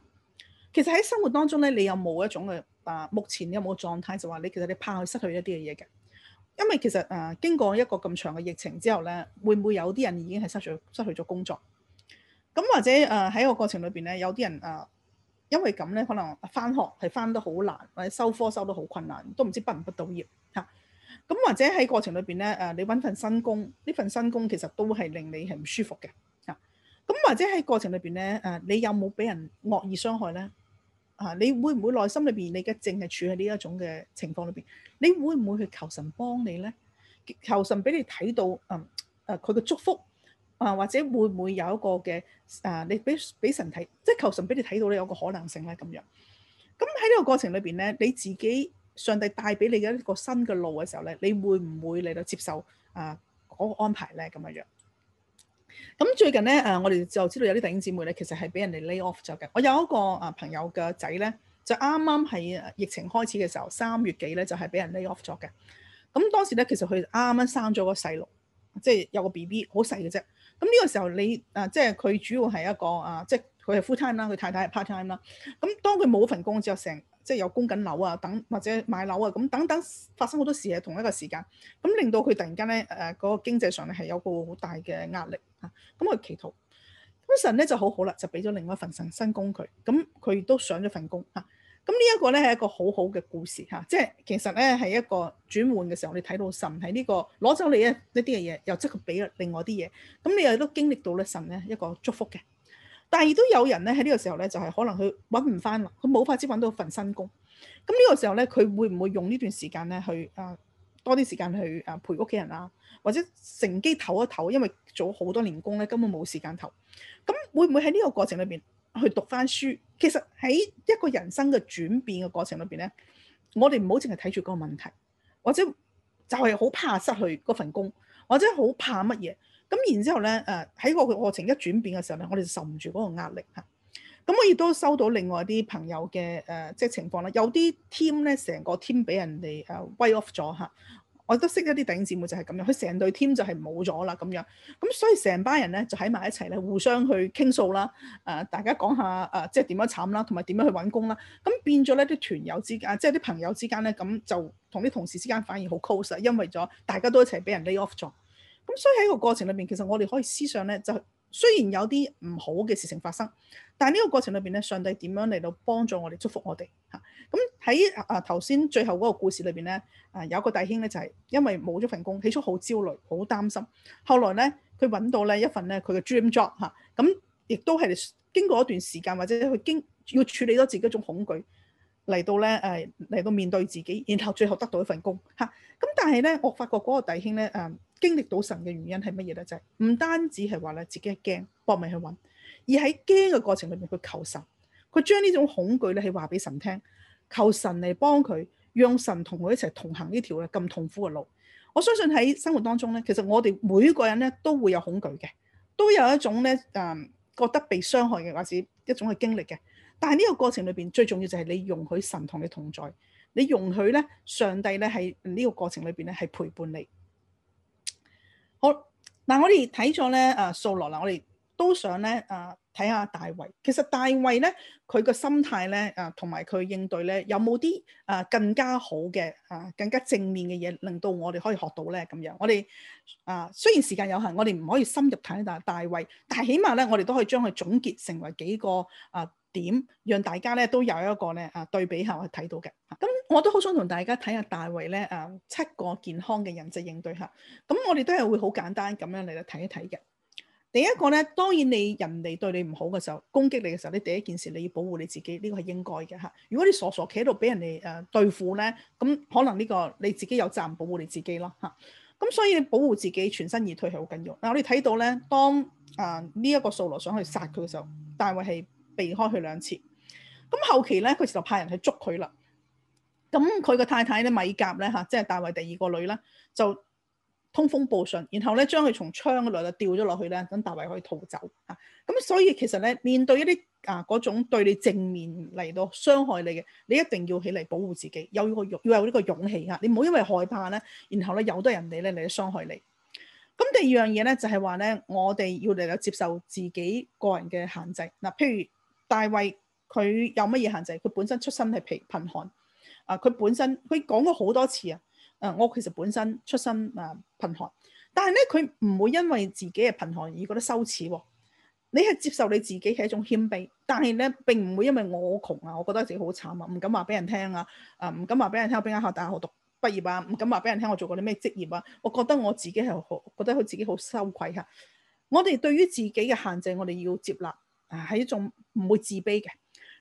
其實喺生活當中咧，你有冇一種嘅，啊，目前你有冇狀態就話你其實你怕去失去一啲嘅嘢嘅？因為其實誒、啊、經過一個咁長嘅疫情之後咧，會唔會有啲人已經係失去失去咗工作？咁或者誒喺、啊、個過程裏邊咧，有啲人誒、啊、因為咁咧，可能返學係返得好難，或者收科收得好困難，都唔知畢唔畢到業嚇。啊。咁或者喺過程裏邊咧，誒你揾份新工，呢份新工其實都係令你係唔舒服嘅。啊，咁或者喺過程裏邊咧，誒、啊、你有冇俾人惡意傷害咧？啊，你會唔會內心裏邊你嘅淨係處喺呢一種嘅情況裏邊？你會唔會去求神幫你咧？求神俾你睇到，嗯誒佢嘅祝福啊，或者會唔會有一個嘅誒、啊、你俾俾神睇，即、就、係、是、求神俾你睇到咧有個可能性咧咁樣。咁喺呢個過程裏邊咧，你自己。上帝帶俾你嘅一個新嘅路嘅時候咧，你會唔會嚟到接受啊嗰、那個安排咧？咁樣樣咁最近咧，誒我哋就知道有啲弟兄姊妹咧，其實係俾人哋 lay off 咗嘅。我有一個啊朋友嘅仔咧，就啱啱喺疫情開始嘅時候，三月幾咧就係、是、俾人 lay off 咗嘅。咁當時咧，其實佢啱啱生咗個細路，即、就、係、是、有個 B B 好細嘅啫。咁呢個時候你誒，即係佢主要係一個啊，即係佢係 full time 啦，佢太太係 part time 啦。咁當佢冇份工之後，成即係有供緊樓啊，等或者買樓啊，咁等等發生好多事喺同一個時間，咁令到佢突然間咧，誒嗰個經濟上咧係有個好大嘅壓力嚇，咁、啊、佢祈禱，咁神咧就好好啦，就俾咗另外一份神新工佢，咁佢都上咗份工嚇，咁、啊、呢、啊嗯、一個咧係一個好好嘅故事嚇、啊，即係其實咧係一個轉換嘅時候，你睇到神喺呢、這個攞走你一一啲嘅嘢，又即刻俾另外啲嘢，咁、嗯、你又都經歷到咧神咧一個祝福嘅。但係都有人咧喺呢個時候咧，就係可能佢揾唔翻啦，佢冇法子揾到份新工。咁呢個時候咧，佢會唔會用呢段時間咧去誒多啲時間去誒陪屋企人啦、啊，或者乘機唞一唞，因為做好多年工咧，根本冇時間唞。咁會唔會喺呢個過程裏邊去讀翻書？其實喺一個人生嘅轉變嘅過程裏邊咧，我哋唔好淨係睇住個問題，或者就係好怕失去嗰份工，或者好怕乜嘢？咁然之後咧，誒喺個過程一轉變嘅時候咧，我哋就受唔住嗰個壓力嚇。咁、啊、我亦都收到另外啲朋友嘅誒、呃、即係情況啦。有啲 team 咧成個 team 俾人哋誒 lay off 咗嚇。我都識一啲頂尖會就係咁樣，佢成隊 team 就係冇咗啦咁樣。咁、啊啊、所以成班人咧就喺埋一齊咧互相去傾訴啦。誒、啊、大家講下誒、呃、即係點樣慘啦，同埋點樣去揾工啦。咁、啊啊啊、變咗咧啲團友之間、啊，即係啲朋友之間咧，咁就同啲同事之間反而好 close，因為咗大家都一齊俾人 lay off 咗。咁所以喺個過程裏邊，其實我哋可以思想咧，就雖然有啲唔好嘅事情發生，但係呢個過程裏邊咧，上帝點樣嚟到幫助我哋，祝福我哋嚇。咁喺啊頭先最後嗰個故事裏邊咧，啊有一個弟兄咧就係因為冇咗份工，起初好焦慮，好擔心，後來咧佢揾到咧一份咧佢嘅 dream job 嚇。咁亦都係經過一段時間，或者佢經要處理咗自己一種恐懼，嚟到咧誒嚟到面對自己，然後最後得到一份工嚇。咁但係咧，我發覺嗰個弟兄咧誒。經歷到神嘅原因係乜嘢咧？就係唔單止係話咧自己係驚，搏命去揾，而喺驚嘅過程裏面，佢求神，佢將呢種恐懼咧係話俾神聽，求神嚟幫佢，讓神同佢一齊同行呢條嘅咁痛苦嘅路。我相信喺生活當中咧，其實我哋每個人咧都會有恐懼嘅，都有一種咧誒覺得被傷害嘅，或者一種嘅經歷嘅。但係呢個過程裏邊最重要就係你容許神同你同在，你容許咧上帝咧喺呢個過程裏邊咧係陪伴你。嗱，我哋睇咗咧啊，掃羅啦，我哋都想咧啊，睇下大衛。其實大衛咧，佢個心態咧啊，同埋佢應對咧，有冇啲啊更加好嘅、啊更加正面嘅嘢，令到我哋可以學到咧咁樣。我哋啊，雖然時間有限，我哋唔可以深入睇，但係大衛，但係起碼咧，我哋都可以將佢總結成為幾個啊。呃點讓大家咧都有一個咧啊對比下去睇到嘅，咁我都好想同大家睇下大衞咧啊七個健康嘅人際應對嚇，咁我哋都係會好簡單咁樣嚟睇一睇嘅。第一個咧，當然你人哋對你唔好嘅時候，攻擊你嘅時候，你第一件事你要保護你自己，呢個係應該嘅嚇。如果你傻傻企喺度俾人哋誒對付咧，咁可能呢、呢個你自己有責任保護你自己咯嚇。咁所以你保護自己全身而退係好緊要。嗱我哋睇到咧，當啊呢一個掃羅想去殺佢嘅時候，大衞係。避開佢兩次，咁後期咧佢就派人去捉佢啦。咁佢個太太咧米甲咧嚇、啊，即係大衛第二個女咧，就通風報信，然後咧將佢從窗嗰度咧吊咗落去咧，等大衛可以逃走嚇。咁、啊、所以其實咧面對一啲啊嗰種對你正面嚟到傷害你嘅，你一定要起嚟保護自己，又要個勇要有呢個勇氣嚇，你唔好因為害怕咧，然後咧由得人哋咧嚟到傷害你。咁第二樣嘢咧就係話咧，我哋要嚟到接受自己個人嘅限制嗱、啊，譬如。大衛佢有乜嘢限制？佢本身出身係貧貧寒啊。佢本身佢講咗好多次啊。誒，我其實本身出身誒貧寒，但係咧佢唔會因為自己係貧寒而覺得羞恥。你係接受你自己係一種謙卑，但係咧並唔會因為我好窮啊，我覺得自己好慘啊，唔敢話俾人聽啊。誒，唔敢話俾人聽我邊間學校大學讀畢業啊，唔敢話俾人聽啊，我做過啲咩職業啊。我覺得我自己係好，覺得佢自己好羞愧吓啊。我哋對於自己嘅限制，我哋要接納。係一種唔會自卑嘅，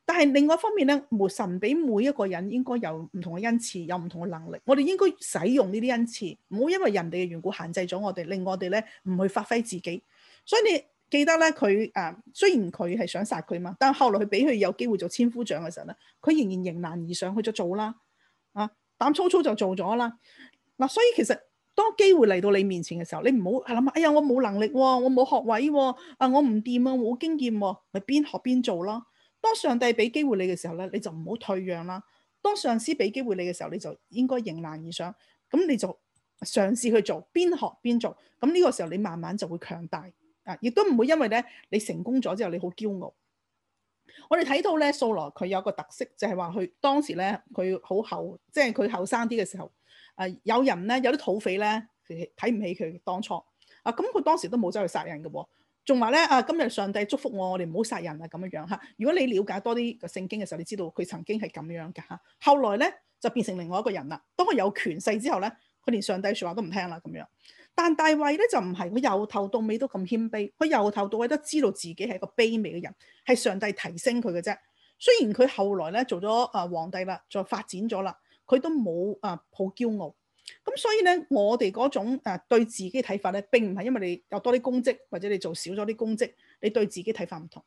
但係另外一方面咧，神俾每一個人應該有唔同嘅恩賜，有唔同嘅能力，我哋應該使用呢啲恩賜，唔好因為人哋嘅緣故限制咗我哋，令我哋咧唔去發揮自己。所以你記得咧，佢誒雖然佢係想殺佢嘛，但係後來佢俾佢有機會做千夫長嘅時候咧，佢仍然迎難而上，去就做啦，啊膽粗粗就做咗啦。嗱，所以其實。當機會嚟到你面前嘅時候，你唔好諗啊！哎呀，我冇能力喎，我冇學位喎，啊，我唔掂啊，冇經驗喎，咪邊學邊做咯。當上帝俾機會你嘅時候咧，你就唔好退讓啦。當上司俾機會你嘅時候，你就應該迎難而上。咁你就嘗試去做，邊學邊做。咁呢個時候你慢慢就會強大啊！亦都唔會因為咧你成功咗之後你好驕傲。我哋睇到咧掃羅佢有一個特色，就係話佢當時咧佢好後，即係佢後生啲嘅時候。啊！有人咧，有啲土匪咧，睇唔起佢。當初啊，咁佢當時都冇走去殺人嘅喎，哦，仲話咧啊！今日上帝祝福我，我哋唔好殺人啊咁樣樣嚇。如果你了解多啲個聖經嘅時候，你知道佢曾經係咁樣噶嚇。後來咧就變成另外一個人啦。當佢有權勢之後咧，佢連上帝説話都唔聽啦咁樣。但大衛咧就唔係，佢由頭到尾都咁謙卑。佢由頭到尾都知道自己係一個卑微嘅人，係上帝提升佢嘅啫。雖然佢後來咧做咗啊皇帝啦，再發展咗啦。佢都冇啊，好驕傲。咁所以咧，我哋嗰種誒、啊、對自己嘅睇法咧，並唔係因為你有多啲公職，或者你做少咗啲公職，你對自己睇法唔同。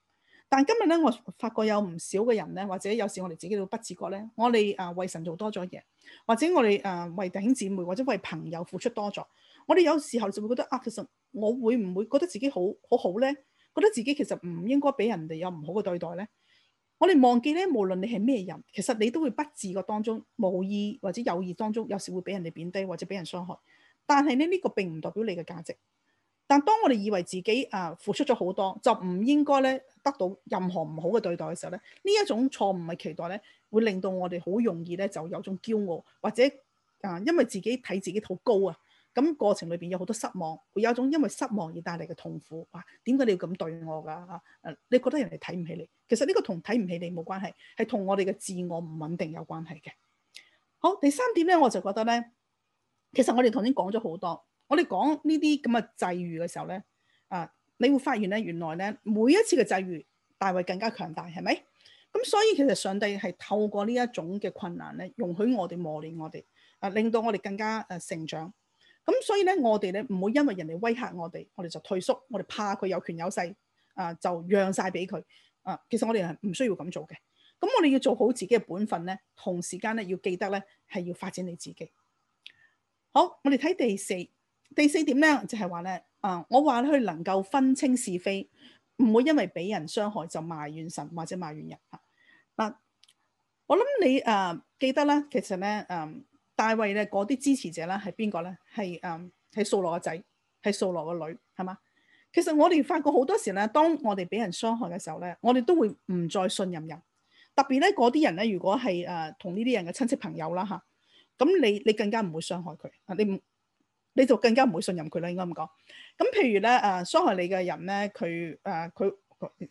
但今日咧，我發覺有唔少嘅人咧，或者有時我哋自己都不自覺咧，我哋誒、啊、為神做多咗嘢，或者我哋誒、啊、為弟兄姊妹或者為朋友付出多咗，我哋有時候就會覺得啊，其實我會唔會覺得自己好好好咧？覺得自己其實唔應該俾人哋有唔好嘅對待咧？我哋忘記咧，無論你係咩人，其實你都會不自覺當中無意或者有意當中，有時會俾人哋貶低或者俾人傷害。但係咧，呢、這個並唔代表你嘅價值。但當我哋以為自己啊、呃、付出咗好多，就唔應該咧得到任何唔好嘅對待嘅時候咧，呢一種錯誤嘅期待咧，會令到我哋好容易咧就有種驕傲，或者啊、呃、因為自己睇自己好高啊。咁過程裏邊有好多失望，會有一種因為失望而帶嚟嘅痛苦。哇、啊！點解你要咁對我㗎？誒，你覺得人哋睇唔起你？其實呢個同睇唔起你冇關係，係同我哋嘅自我唔穩定有關係嘅。好，第三點咧，我就覺得咧，其實我哋頭先講咗好多，我哋講呢啲咁嘅際遇嘅時候咧，啊，你會發現咧，原來咧每一次嘅際遇，大衛更加強大，係咪？咁所以其實上帝係透過呢一種嘅困難咧，容許我哋磨練我哋，啊，令到我哋更加誒成長。咁所以咧，我哋咧唔會因為人哋威嚇我哋，我哋就退縮，我哋怕佢有權有勢，啊就讓晒俾佢啊。其實我哋係唔需要咁做嘅。咁我哋要做好自己嘅本分咧，同時間咧要記得咧係要發展你自己。好，我哋睇第四第四點咧，就係話咧啊，我話佢能夠分清是非，唔會因為俾人傷害就埋怨神或者埋怨人嚇嗱、啊。我諗你啊、呃、記得咧，其實咧嗯。呃大衛咧嗰啲支持者咧係邊個咧？係誒，係掃羅個仔，係掃羅個女，係嘛？其實我哋發覺好多時咧，當我哋俾人傷害嘅時候咧，我哋都會唔再信任人。特別咧嗰啲人咧，如果係誒、啊、同呢啲人嘅親戚朋友啦吓，咁、啊、你你更加唔會傷害佢，你唔你就更加唔會信任佢啦，應該咁講。咁譬如咧誒傷害你嘅人咧，佢誒佢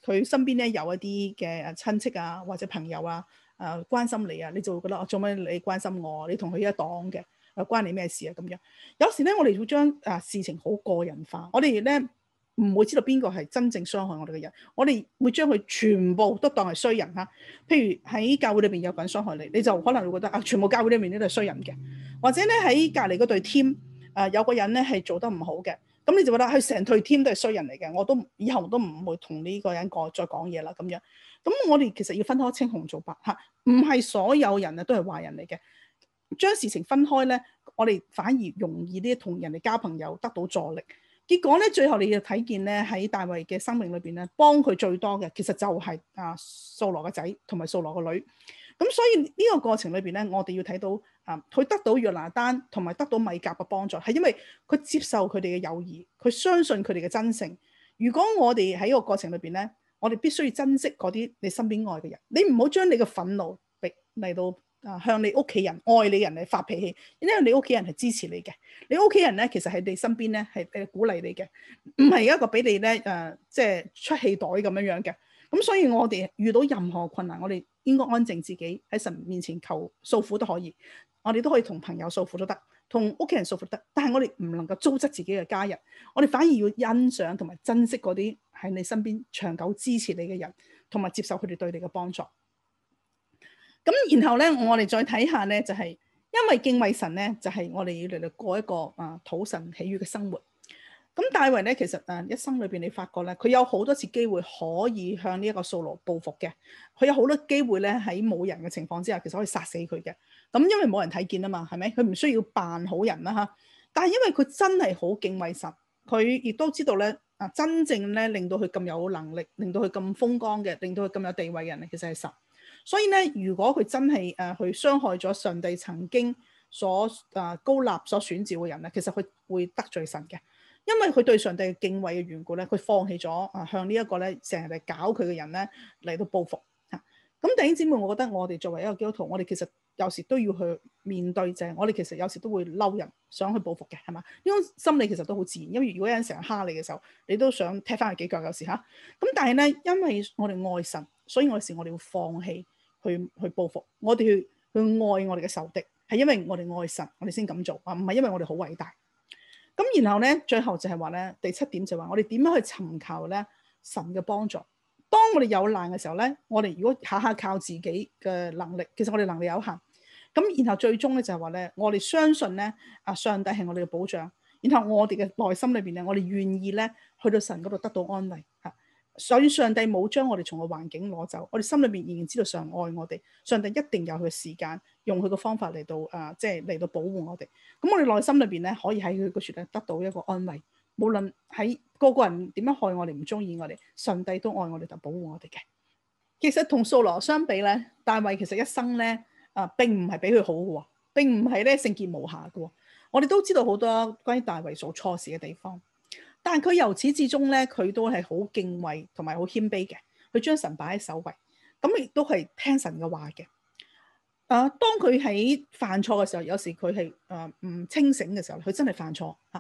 佢身邊咧有一啲嘅親戚啊或者朋友啊。誒、啊、關心你啊，你就會覺得哦，做、啊、咩你關心我？你同佢一黨嘅，啊，關你咩事啊？咁樣有時咧，我哋會將誒事情好個人化。我哋咧唔會知道邊個係真正傷害我哋嘅人，我哋會將佢全部都當係衰人哈。譬如喺教會裏邊有個人傷害你，你就可能會覺得啊，全部教會裏邊都係衰人嘅。或者咧喺隔離嗰隊 team 誒、啊、有個人咧係做得唔好嘅，咁你就覺得佢成隊 team 都係衰人嚟嘅，我都以後都唔會同呢個人講再講嘢啦咁樣。咁我哋其實要分開青紅皂白嚇，唔係所有人啊都係壞人嚟嘅。將事情分開咧，我哋反而容易啲同人哋交朋友，得到助力。結果咧，最後你要睇見咧，喺大衛嘅生命裏邊咧，幫佢最多嘅其實就係啊掃羅個仔同埋掃羅個女。咁所以呢個過程裏邊咧，我哋要睇到啊，佢、嗯、得到約拿單同埋得到米甲嘅幫助，係因為佢接受佢哋嘅友誼，佢相信佢哋嘅真誠。如果我哋喺個過程裏邊咧，我哋必須要珍惜嗰啲你身邊愛嘅人，你唔好將你嘅憤怒嚟到啊向你屋企人愛你人嚟發脾氣，因為你屋企人係支持你嘅，你屋企人咧其實係你身邊咧係誒鼓勵你嘅，唔係一個俾你咧誒、呃、即係出氣袋咁樣樣嘅。咁所以我哋遇到任何困難，我哋應該安靜自己喺神面前求訴苦都可以，我哋都可以同朋友訴苦都得，同屋企人訴苦都得，但係我哋唔能夠糟質自己嘅家人，我哋反而要欣賞同埋珍惜嗰啲喺你身邊長久支持你嘅人，同埋接受佢哋對你嘅幫助。咁然後咧，我哋再睇下咧，就係因為敬畏神咧，就係我哋要嚟嚟過一個啊討神喜悅嘅生活。咁大衛咧，其實啊一生裏邊，你發覺咧，佢有好多次機會可以向呢一個掃羅報復嘅，佢有好多機會咧喺冇人嘅情況之下，其實可以殺死佢嘅。咁因為冇人睇見啊嘛，係咪？佢唔需要扮好人啦，吓。但係因為佢真係好敬畏神，佢亦都知道咧。啊！真正咧令到佢咁有能力，令到佢咁風光嘅，令到佢咁有地位嘅人咧，其實係神。所以咧，如果佢真係誒去傷害咗上帝曾經所誒、啊、高立所選召嘅人咧，其實佢會得罪神嘅，因為佢對上帝嘅敬畏嘅緣故咧，佢放棄咗誒向呢一個咧成日嚟搞佢嘅人咧嚟到報復嚇。咁弟兄姊妹，我覺得我哋作為一個基督徒，我哋其實～有時都要去面對正，我哋其實有時都會嬲人，想去報復嘅，係嘛？呢種心理其實都好自然，因為如果有人成日蝦你嘅時候，你都想踢翻佢幾腳，有時吓，咁但係咧，因為我哋愛神，所以有時我哋會放棄去去報復，我哋去去愛我哋嘅仇敵，係因為我哋愛神我，我哋先咁做啊，唔係因為我哋好偉大。咁然後咧，最後就係話咧，第七點就話我哋點樣去尋求咧神嘅幫助。當我哋有難嘅時候咧，我哋如果下下靠自己嘅能力，其實我哋能力有限。咁然後最終咧就係話咧，我哋相信咧，啊上帝係我哋嘅保障。然後我哋嘅內心裏邊咧，我哋願意咧去到神嗰度得到安慰。嚇，所以上帝冇將我哋從個環境攞走，我哋心裏邊仍然知道上帝愛我哋。上帝一定有佢嘅時間，用佢嘅方法嚟到啊，即係嚟到保護我哋。咁我哋內心裏邊咧，可以喺佢嘅處咧得到一個安慰。無論喺個個人點樣害我哋，唔中意我哋，上帝都愛我哋就保護我哋嘅。其實同掃羅相比咧，大衛其實一生咧。啊，並唔係俾佢好嘅喎，並唔係咧聖潔無瑕嘅喎。我哋都知道好多關於大衛做錯事嘅地方，但係佢由始至終咧，佢都係好敬畏同埋好謙卑嘅。佢將神擺喺首位，咁亦都係聽神嘅話嘅。啊，當佢喺犯錯嘅時候，有時佢係啊唔清醒嘅時候，佢真係犯錯嚇。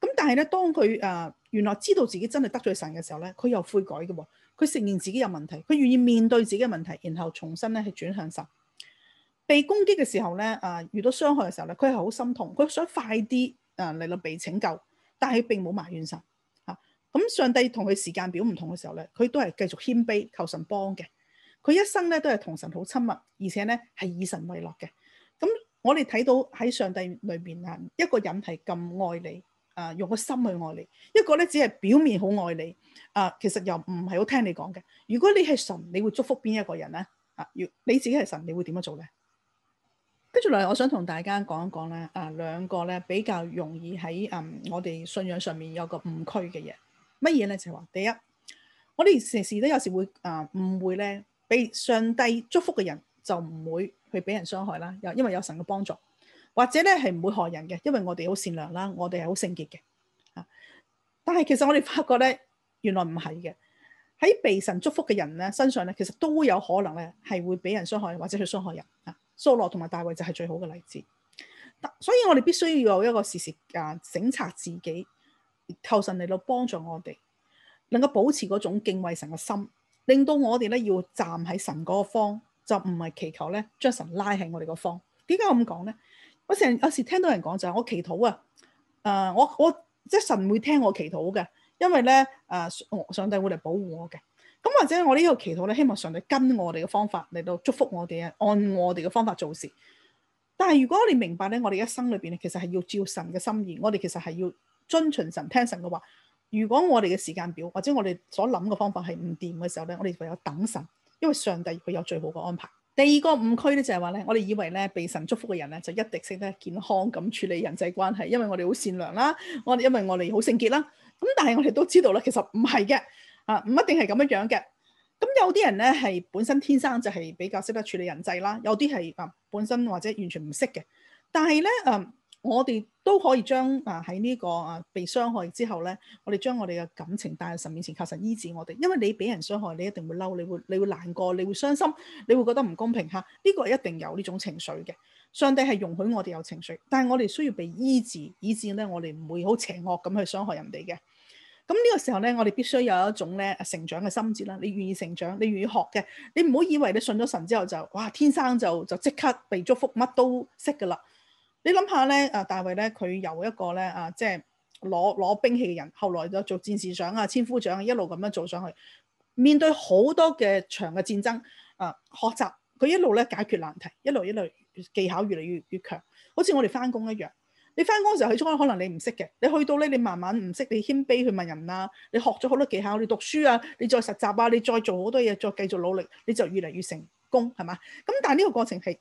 咁、啊、但係咧，當佢啊原來知道自己真係得罪神嘅時候咧，佢又悔改嘅喎。佢承認自己有問題，佢願意面對自己嘅問題，然後重新咧去轉向神。被攻擊嘅時候咧，啊遇到傷害嘅時候咧，佢係好心痛，佢想快啲啊嚟到被拯救，但係並冇埋怨神嚇。咁、啊嗯、上帝同佢時間表唔同嘅時候咧，佢都係繼續謙卑求神幫嘅。佢一生咧都係同神好親密，而且咧係以神為樂嘅。咁、嗯、我哋睇到喺上帝裏邊啊，一個人係咁愛你啊，用個心去愛你；一個咧只係表面好愛你啊，其實又唔係好聽你講嘅。如果你係神，你會祝福邊一個人咧？啊，如你自己係神，你會點樣做咧？跟住嚟，我想同大家講一講咧，啊，兩個咧比較容易喺誒、嗯、我哋信仰上面有個誤區嘅嘢。乜嘢咧就係話，第一，我哋成時都有時會啊誤會咧，被上帝祝福嘅人就唔會去俾人傷害啦，又因為有神嘅幫助，或者咧係唔會害人嘅，因為我哋好善良啦，我哋係好聖潔嘅，啊，但係其實我哋發覺咧，原來唔係嘅，喺被神祝福嘅人咧身上咧，其實都有可能咧係會俾人傷害或者去傷害人啊。啊蘇洛同埋大衛就係最好嘅例子，所以我哋必須要有一個時時啊省察自己，求神嚟到幫助我哋，能夠保持嗰種敬畏神嘅心，令到我哋咧要站喺神嗰個方，就唔係祈求咧將神拉喺我哋個方。點解咁講咧？我成有時聽到人講就係我祈禱啊，誒、呃、我我即係神會聽我祈禱嘅，因為咧誒、呃、上帝會嚟保護我嘅。咁或者我呢個祈禱咧，希望上帝跟我哋嘅方法嚟到祝福我哋啊，按我哋嘅方法做事。但係如果你明白咧，我哋一生裏邊咧，其實係要照神嘅心意，我哋其實係要遵從神、聽神嘅話。如果我哋嘅時間表或者我哋所諗嘅方法係唔掂嘅時候咧，我哋唯有等神，因為上帝佢有最好嘅安排。第二個誤區咧就係話咧，我哋以為咧被神祝福嘅人咧就一定識得健康咁處理人際關係，因為我哋好善良啦，我哋因為我哋好聖潔啦。咁但係我哋都知道啦，其實唔係嘅。啊，唔一定係咁樣樣嘅。咁有啲人咧係本身天生就係比較識得處理人際啦，有啲係啊本身或者完全唔識嘅。但係咧，誒、啊，我哋都可以將啊喺呢、這個呢個啊被傷害之後咧，我哋將我哋嘅感情帶去神面前，靠神醫治我哋。因為你俾人傷害，你一定會嬲，你會你會難過，你會傷心，你會覺得唔公平嚇。呢個一定有呢種情緒嘅。上帝係容許我哋有情緒，但係我哋需要被醫治，以致咧我哋唔會好邪惡咁去傷害人哋嘅。咁呢個時候咧，我哋必須有一種咧成長嘅心智啦。你願意成長，你願意學嘅，你唔好以為你信咗神之後就哇天生就就即刻被祝福，乜都識㗎啦。你諗下咧，啊大衛咧，佢有一個咧啊，即係攞攞兵器嘅人，後來就做戰士長啊、千夫長，一路咁樣做上去，面對好多嘅長嘅戰爭啊，學習佢一路咧解決難題，一路一路技巧越嚟越越強，好似我哋翻工一樣。你返工嘅時候起初可能你唔識嘅，你去到咧你慢慢唔識，你謙卑去問人啦、啊。你學咗好多技巧，你讀書啊，你再實習啊，你再做好多嘢，再繼續努力，你就越嚟越成功，係嘛？咁但係呢個過程係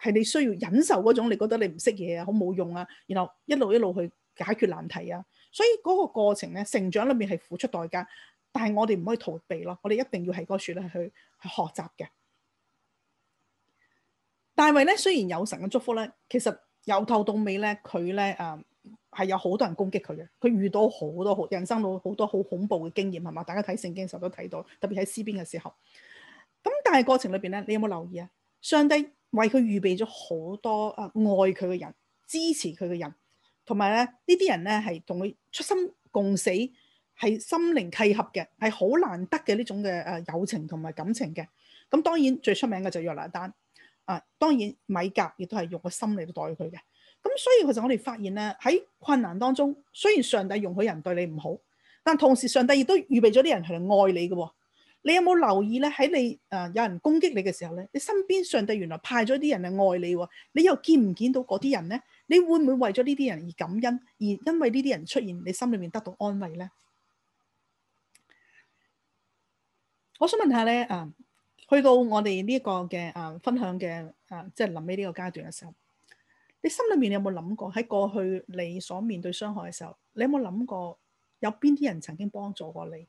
係你需要忍受嗰種，你覺得你唔識嘢啊，好冇用啊，然後一路一路去解決難題啊，所以嗰個過程咧成長裏面係付出代價，但係我哋唔可以逃避咯，我哋一定要喺嗰樹咧去去學習嘅。大衛咧雖然有神嘅祝福咧，其實。由頭到尾咧，佢咧誒係有好多人攻擊佢嘅，佢遇到好多好人生到好多好恐怖嘅經驗係嘛？大家睇聖經嘅時候都睇到，特別喺詩篇嘅時候。咁但係過程裏邊咧，你有冇留意啊？上帝為佢預備咗好多誒愛佢嘅人、支持佢嘅人，同埋咧呢啲人咧係同佢出生共死，係心靈契合嘅，係好難得嘅呢種嘅誒友情同埋感情嘅。咁當然最出名嘅就約拿單。啊，當然米甲亦都係用個心嚟到待佢嘅。咁所以其實我哋發現咧，喺困難當中，雖然上帝容許人對你唔好，但同時上帝亦都預備咗啲人係嚟愛你嘅喎、哦。你有冇留意咧？喺你誒、呃、有人攻擊你嘅時候咧，你身邊上帝原來派咗啲人嚟愛你喎、哦。你又見唔見到嗰啲人咧？你會唔會為咗呢啲人而感恩，而因為呢啲人出現，你心裏面得到安慰咧？我想問下咧，啊～去到我哋呢個嘅啊分享嘅啊，即係臨尾呢個階段嘅時候，你心裏面有冇諗過喺過去你所面對傷害嘅時候，你有冇諗過有邊啲人曾經幫助過你？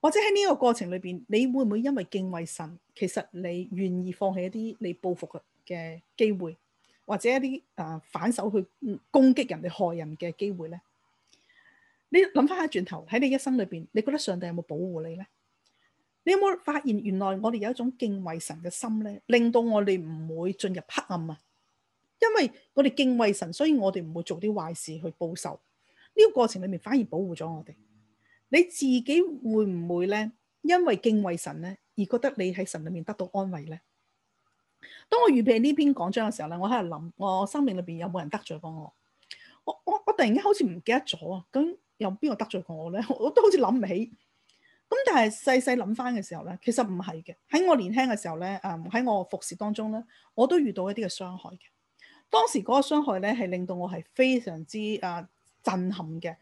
或者喺呢個過程裏邊，你會唔會因為敬畏神，其實你願意放棄一啲你報復嘅機會，或者一啲啊反手去攻擊人哋害人嘅機會咧？你諗翻下轉頭喺你一生裏邊，你覺得上帝有冇保護你咧？你有冇發現原來我哋有一種敬畏神嘅心咧，令到我哋唔會進入黑暗啊！因為我哋敬畏神，所以我哋唔會做啲壞事去報仇。呢個過程裏面反而保護咗我哋。你自己會唔會咧？因為敬畏神咧，而覺得你喺神裏面得到安慰咧？當我預備呢篇講章嘅時候咧，我喺度諗，我，我生命裏邊有冇人得罪過我？我我我突然間好似唔記得咗啊！咁有邊個得罪過我咧？我都好似諗唔起。咁但係細細諗翻嘅時候咧，其實唔係嘅。喺我年輕嘅時候咧，誒喺我服侍當中咧，我都遇到一啲嘅傷害嘅。當時嗰個傷害咧，係令到我係非常之誒震撼嘅，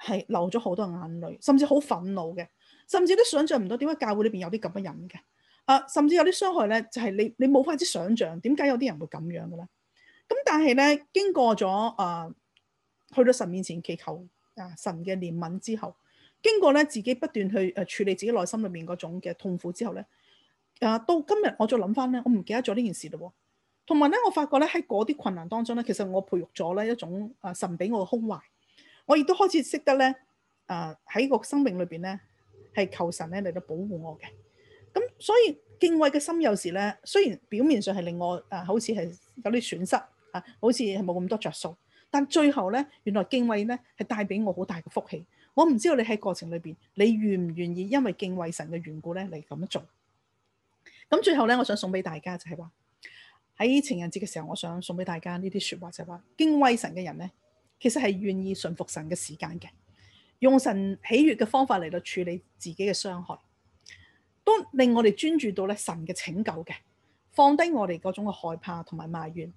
係流咗好多眼淚，甚至好憤怒嘅，甚至都想象唔到點解教會裏邊有啲咁嘅人嘅。誒、啊，甚至有啲傷害咧，就係、是、你你冇法子想象點解有啲人會咁樣嘅咧。咁、啊、但係咧，經過咗誒去到神面前祈求啊神嘅憐憫之後。經過咧自己不斷去誒處理自己內心裏面嗰種嘅痛苦之後咧，誒到今日我再諗返咧，我唔記得咗呢件事咯喎。同埋咧，我發覺咧喺嗰啲困難當中咧，其實我培育咗咧一種誒神俾我嘅胸懷，我亦都開始識得咧誒喺個生命裏邊咧係求神咧嚟到保護我嘅。咁所以敬畏嘅心有時咧，雖然表面上係令我誒好似係有啲損失啊，好似係冇咁多着數，但最後咧原來敬畏咧係帶俾我好大嘅福氣。我唔知道你喺過程裏邊，你願唔願意因為敬畏神嘅緣故咧，嚟咁做。咁最後咧，我想送俾大家就係話，喺情人節嘅時候，我想送俾大家呢啲說話就係話，敬畏神嘅人咧，其實係願意順服神嘅時間嘅，用神喜悅嘅方法嚟到處理自己嘅傷害，都令我哋專注到咧神嘅拯救嘅，放低我哋嗰種嘅害怕同埋埋怨，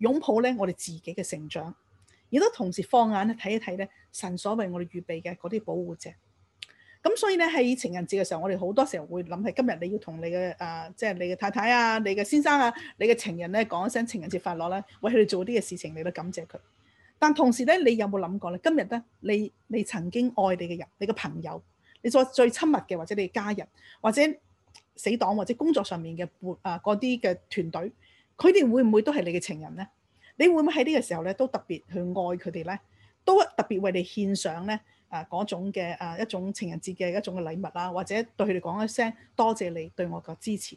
擁抱咧我哋自己嘅成長。亦都同時放眼咧睇一睇咧，神所為我哋預備嘅嗰啲保護者。咁所以咧，喺情人節嘅時候，我哋好多時候會諗係今日你要同你嘅啊，即、呃、係、就是、你嘅太太啊、你嘅先生啊、你嘅情人咧講一聲情人節快樂啦，為佢哋做啲嘅事情你都感謝佢。但同時咧，你有冇諗過咧？今日咧，你你曾經愛你嘅人、你嘅朋友、你作最親密嘅或者你嘅家人，或者死黨或者工作上面嘅啊嗰啲嘅團隊，佢哋會唔會都係你嘅情人咧？你會唔會喺呢個時候咧，都特別去愛佢哋咧？都特別為你獻上咧，啊嗰種嘅啊一種情人節嘅一種嘅禮物啦、啊，或者對佢哋講一聲多謝你對我個支持，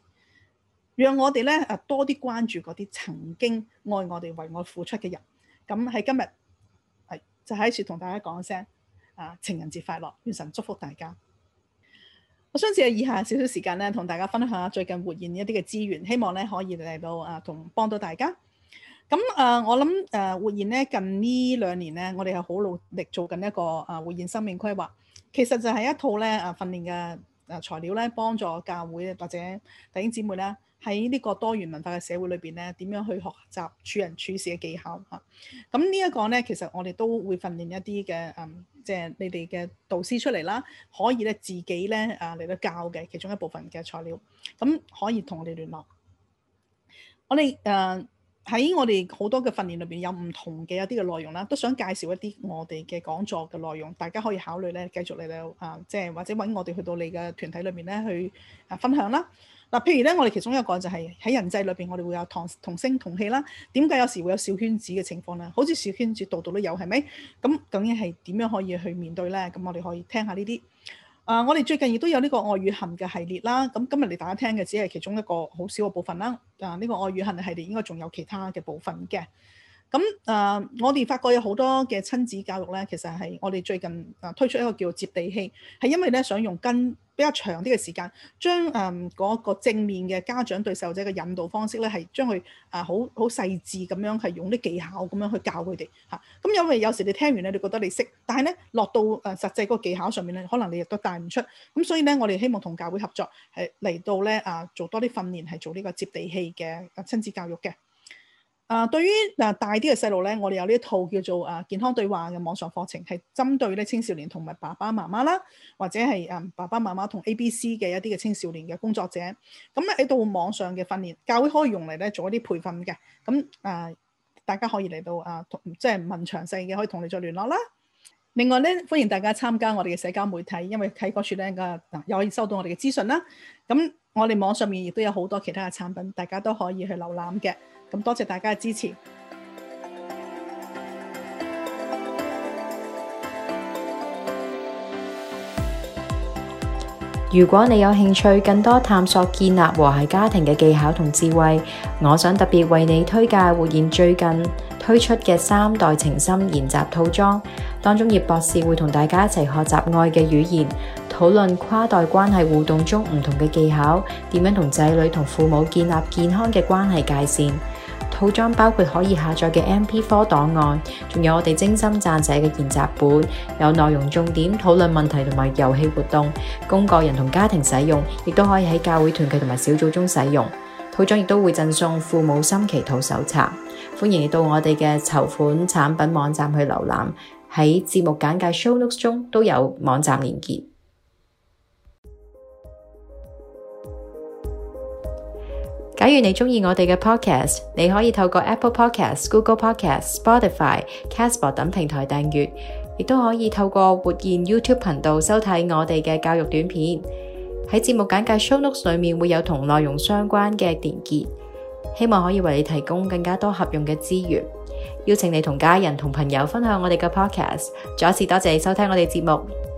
讓我哋咧啊多啲關注嗰啲曾經愛我哋為我付出嘅人。咁喺今日係就喺處同大家講一聲啊情人節快樂，願神祝福大家。我想借以下少少時間咧，同大家分享下最近活現一啲嘅資源，希望咧可以嚟到啊同幫到大家。咁誒，我諗誒、呃、活現咧，近兩呢兩年咧，我哋係好努力做緊一個誒、呃、活現生命規劃。其實就係一套咧誒訓練嘅誒材料咧，幫助教會或者弟兄姊妹咧喺呢個多元文化嘅社會裏邊咧，點樣去學習處人處事嘅技巧嚇。咁、啊、呢一個咧，其實我哋都會訓練一啲嘅誒，即、呃、係、就是、你哋嘅導師出嚟啦，可以咧自己咧誒嚟到教嘅其中一部分嘅材料。咁可以同我哋聯絡，我哋誒。呃呃喺我哋好多嘅訓練裏邊有唔同嘅一啲嘅內容啦，都想介紹一啲我哋嘅講座嘅內容，大家可以考慮咧繼續嚟到啊，即係或者揾我哋去到你嘅團體裏面咧去啊分享啦。嗱，譬如咧，我哋其中一個就係喺人際裏邊，我哋會有同同聲同氣啦。點解有時會有小圈子嘅情況咧？好似小圈子度度都有係咪？咁，究竟係點樣可以去面對咧？咁我哋可以聽下呢啲。啊！我哋最近亦都有呢個愛與恨嘅系列啦，咁今日嚟大家聽嘅只係其中一個好少嘅部分啦。啊，呢個愛與恨嘅系列應該仲有其他嘅部分嘅。咁誒，我哋發覺有好多嘅親子教育咧，其實係我哋最近誒推出一個叫做接地氣，係因為咧想用跟比較長啲嘅時間，將誒嗰個正面嘅家長對細路仔嘅引導方式咧，係將佢誒好好細緻咁樣係用啲技巧咁樣去教佢哋嚇。咁、啊、因為有時你聽完咧，你覺得你識，但係咧落到誒實際嗰技巧上面咧，可能你亦都帶唔出。咁所以咧，我哋希望同教會合作，係嚟到咧誒做多啲訓練，係做呢個接地氣嘅親子教育嘅。啊，對於嗱大啲嘅細路咧，我哋有呢一套叫做啊健康對話嘅網上課程，係針對咧青少年同埋爸爸媽媽啦，或者係啊爸爸媽媽同 ABC 嘅一啲嘅青少年嘅工作者，咁咧喺到網上嘅訓練，教會可以用嚟咧做一啲培訓嘅。咁、嗯、啊，大家可以嚟到啊，即係問詳細嘅，可以同你再聯絡啦。另外咧，歡迎大家參加我哋嘅社交媒體，因為喺嗰處咧個又可以收到我哋嘅資訊啦。咁、嗯、我哋網上面亦都有好多其他嘅產品，大家都可以去瀏覽嘅。多謝大家嘅支持。如果你有興趣更多探索建立和諧家庭嘅技巧同智慧，我想特別為你推介活現最近推出嘅三代情深研習套裝。當中葉博士會同大家一齊學習愛嘅語言，討論跨代關係互動中唔同嘅技巧，點樣同仔女同父母建立健康嘅關係界線。套裝包括可以下載嘅 MP4 檔案，仲有我哋精心撰寫嘅練習本，有內容重點、討論問題同埋遊戲活動，供個人同家庭使用，亦都可以喺教會團體同埋小組中使用。套裝亦都會贈送《父母心祈禱手冊》，歡迎到我哋嘅籌款產品網站去瀏覽，喺節目簡介 Show Notes 中都有網站鏈接。假如你中意我哋嘅 podcast，你可以透過 Apple Podcast、Google Podcast、Spotify、Casper 等平台訂閱，亦都可以透過活現 YouTube 頻道收睇我哋嘅教育短片。喺節目簡介 show notes 裏面會有同內容相關嘅連結，希望可以為你提供更加多合用嘅資源。邀請你同家人同朋友分享我哋嘅 podcast。再一次多謝你收聽我哋節目。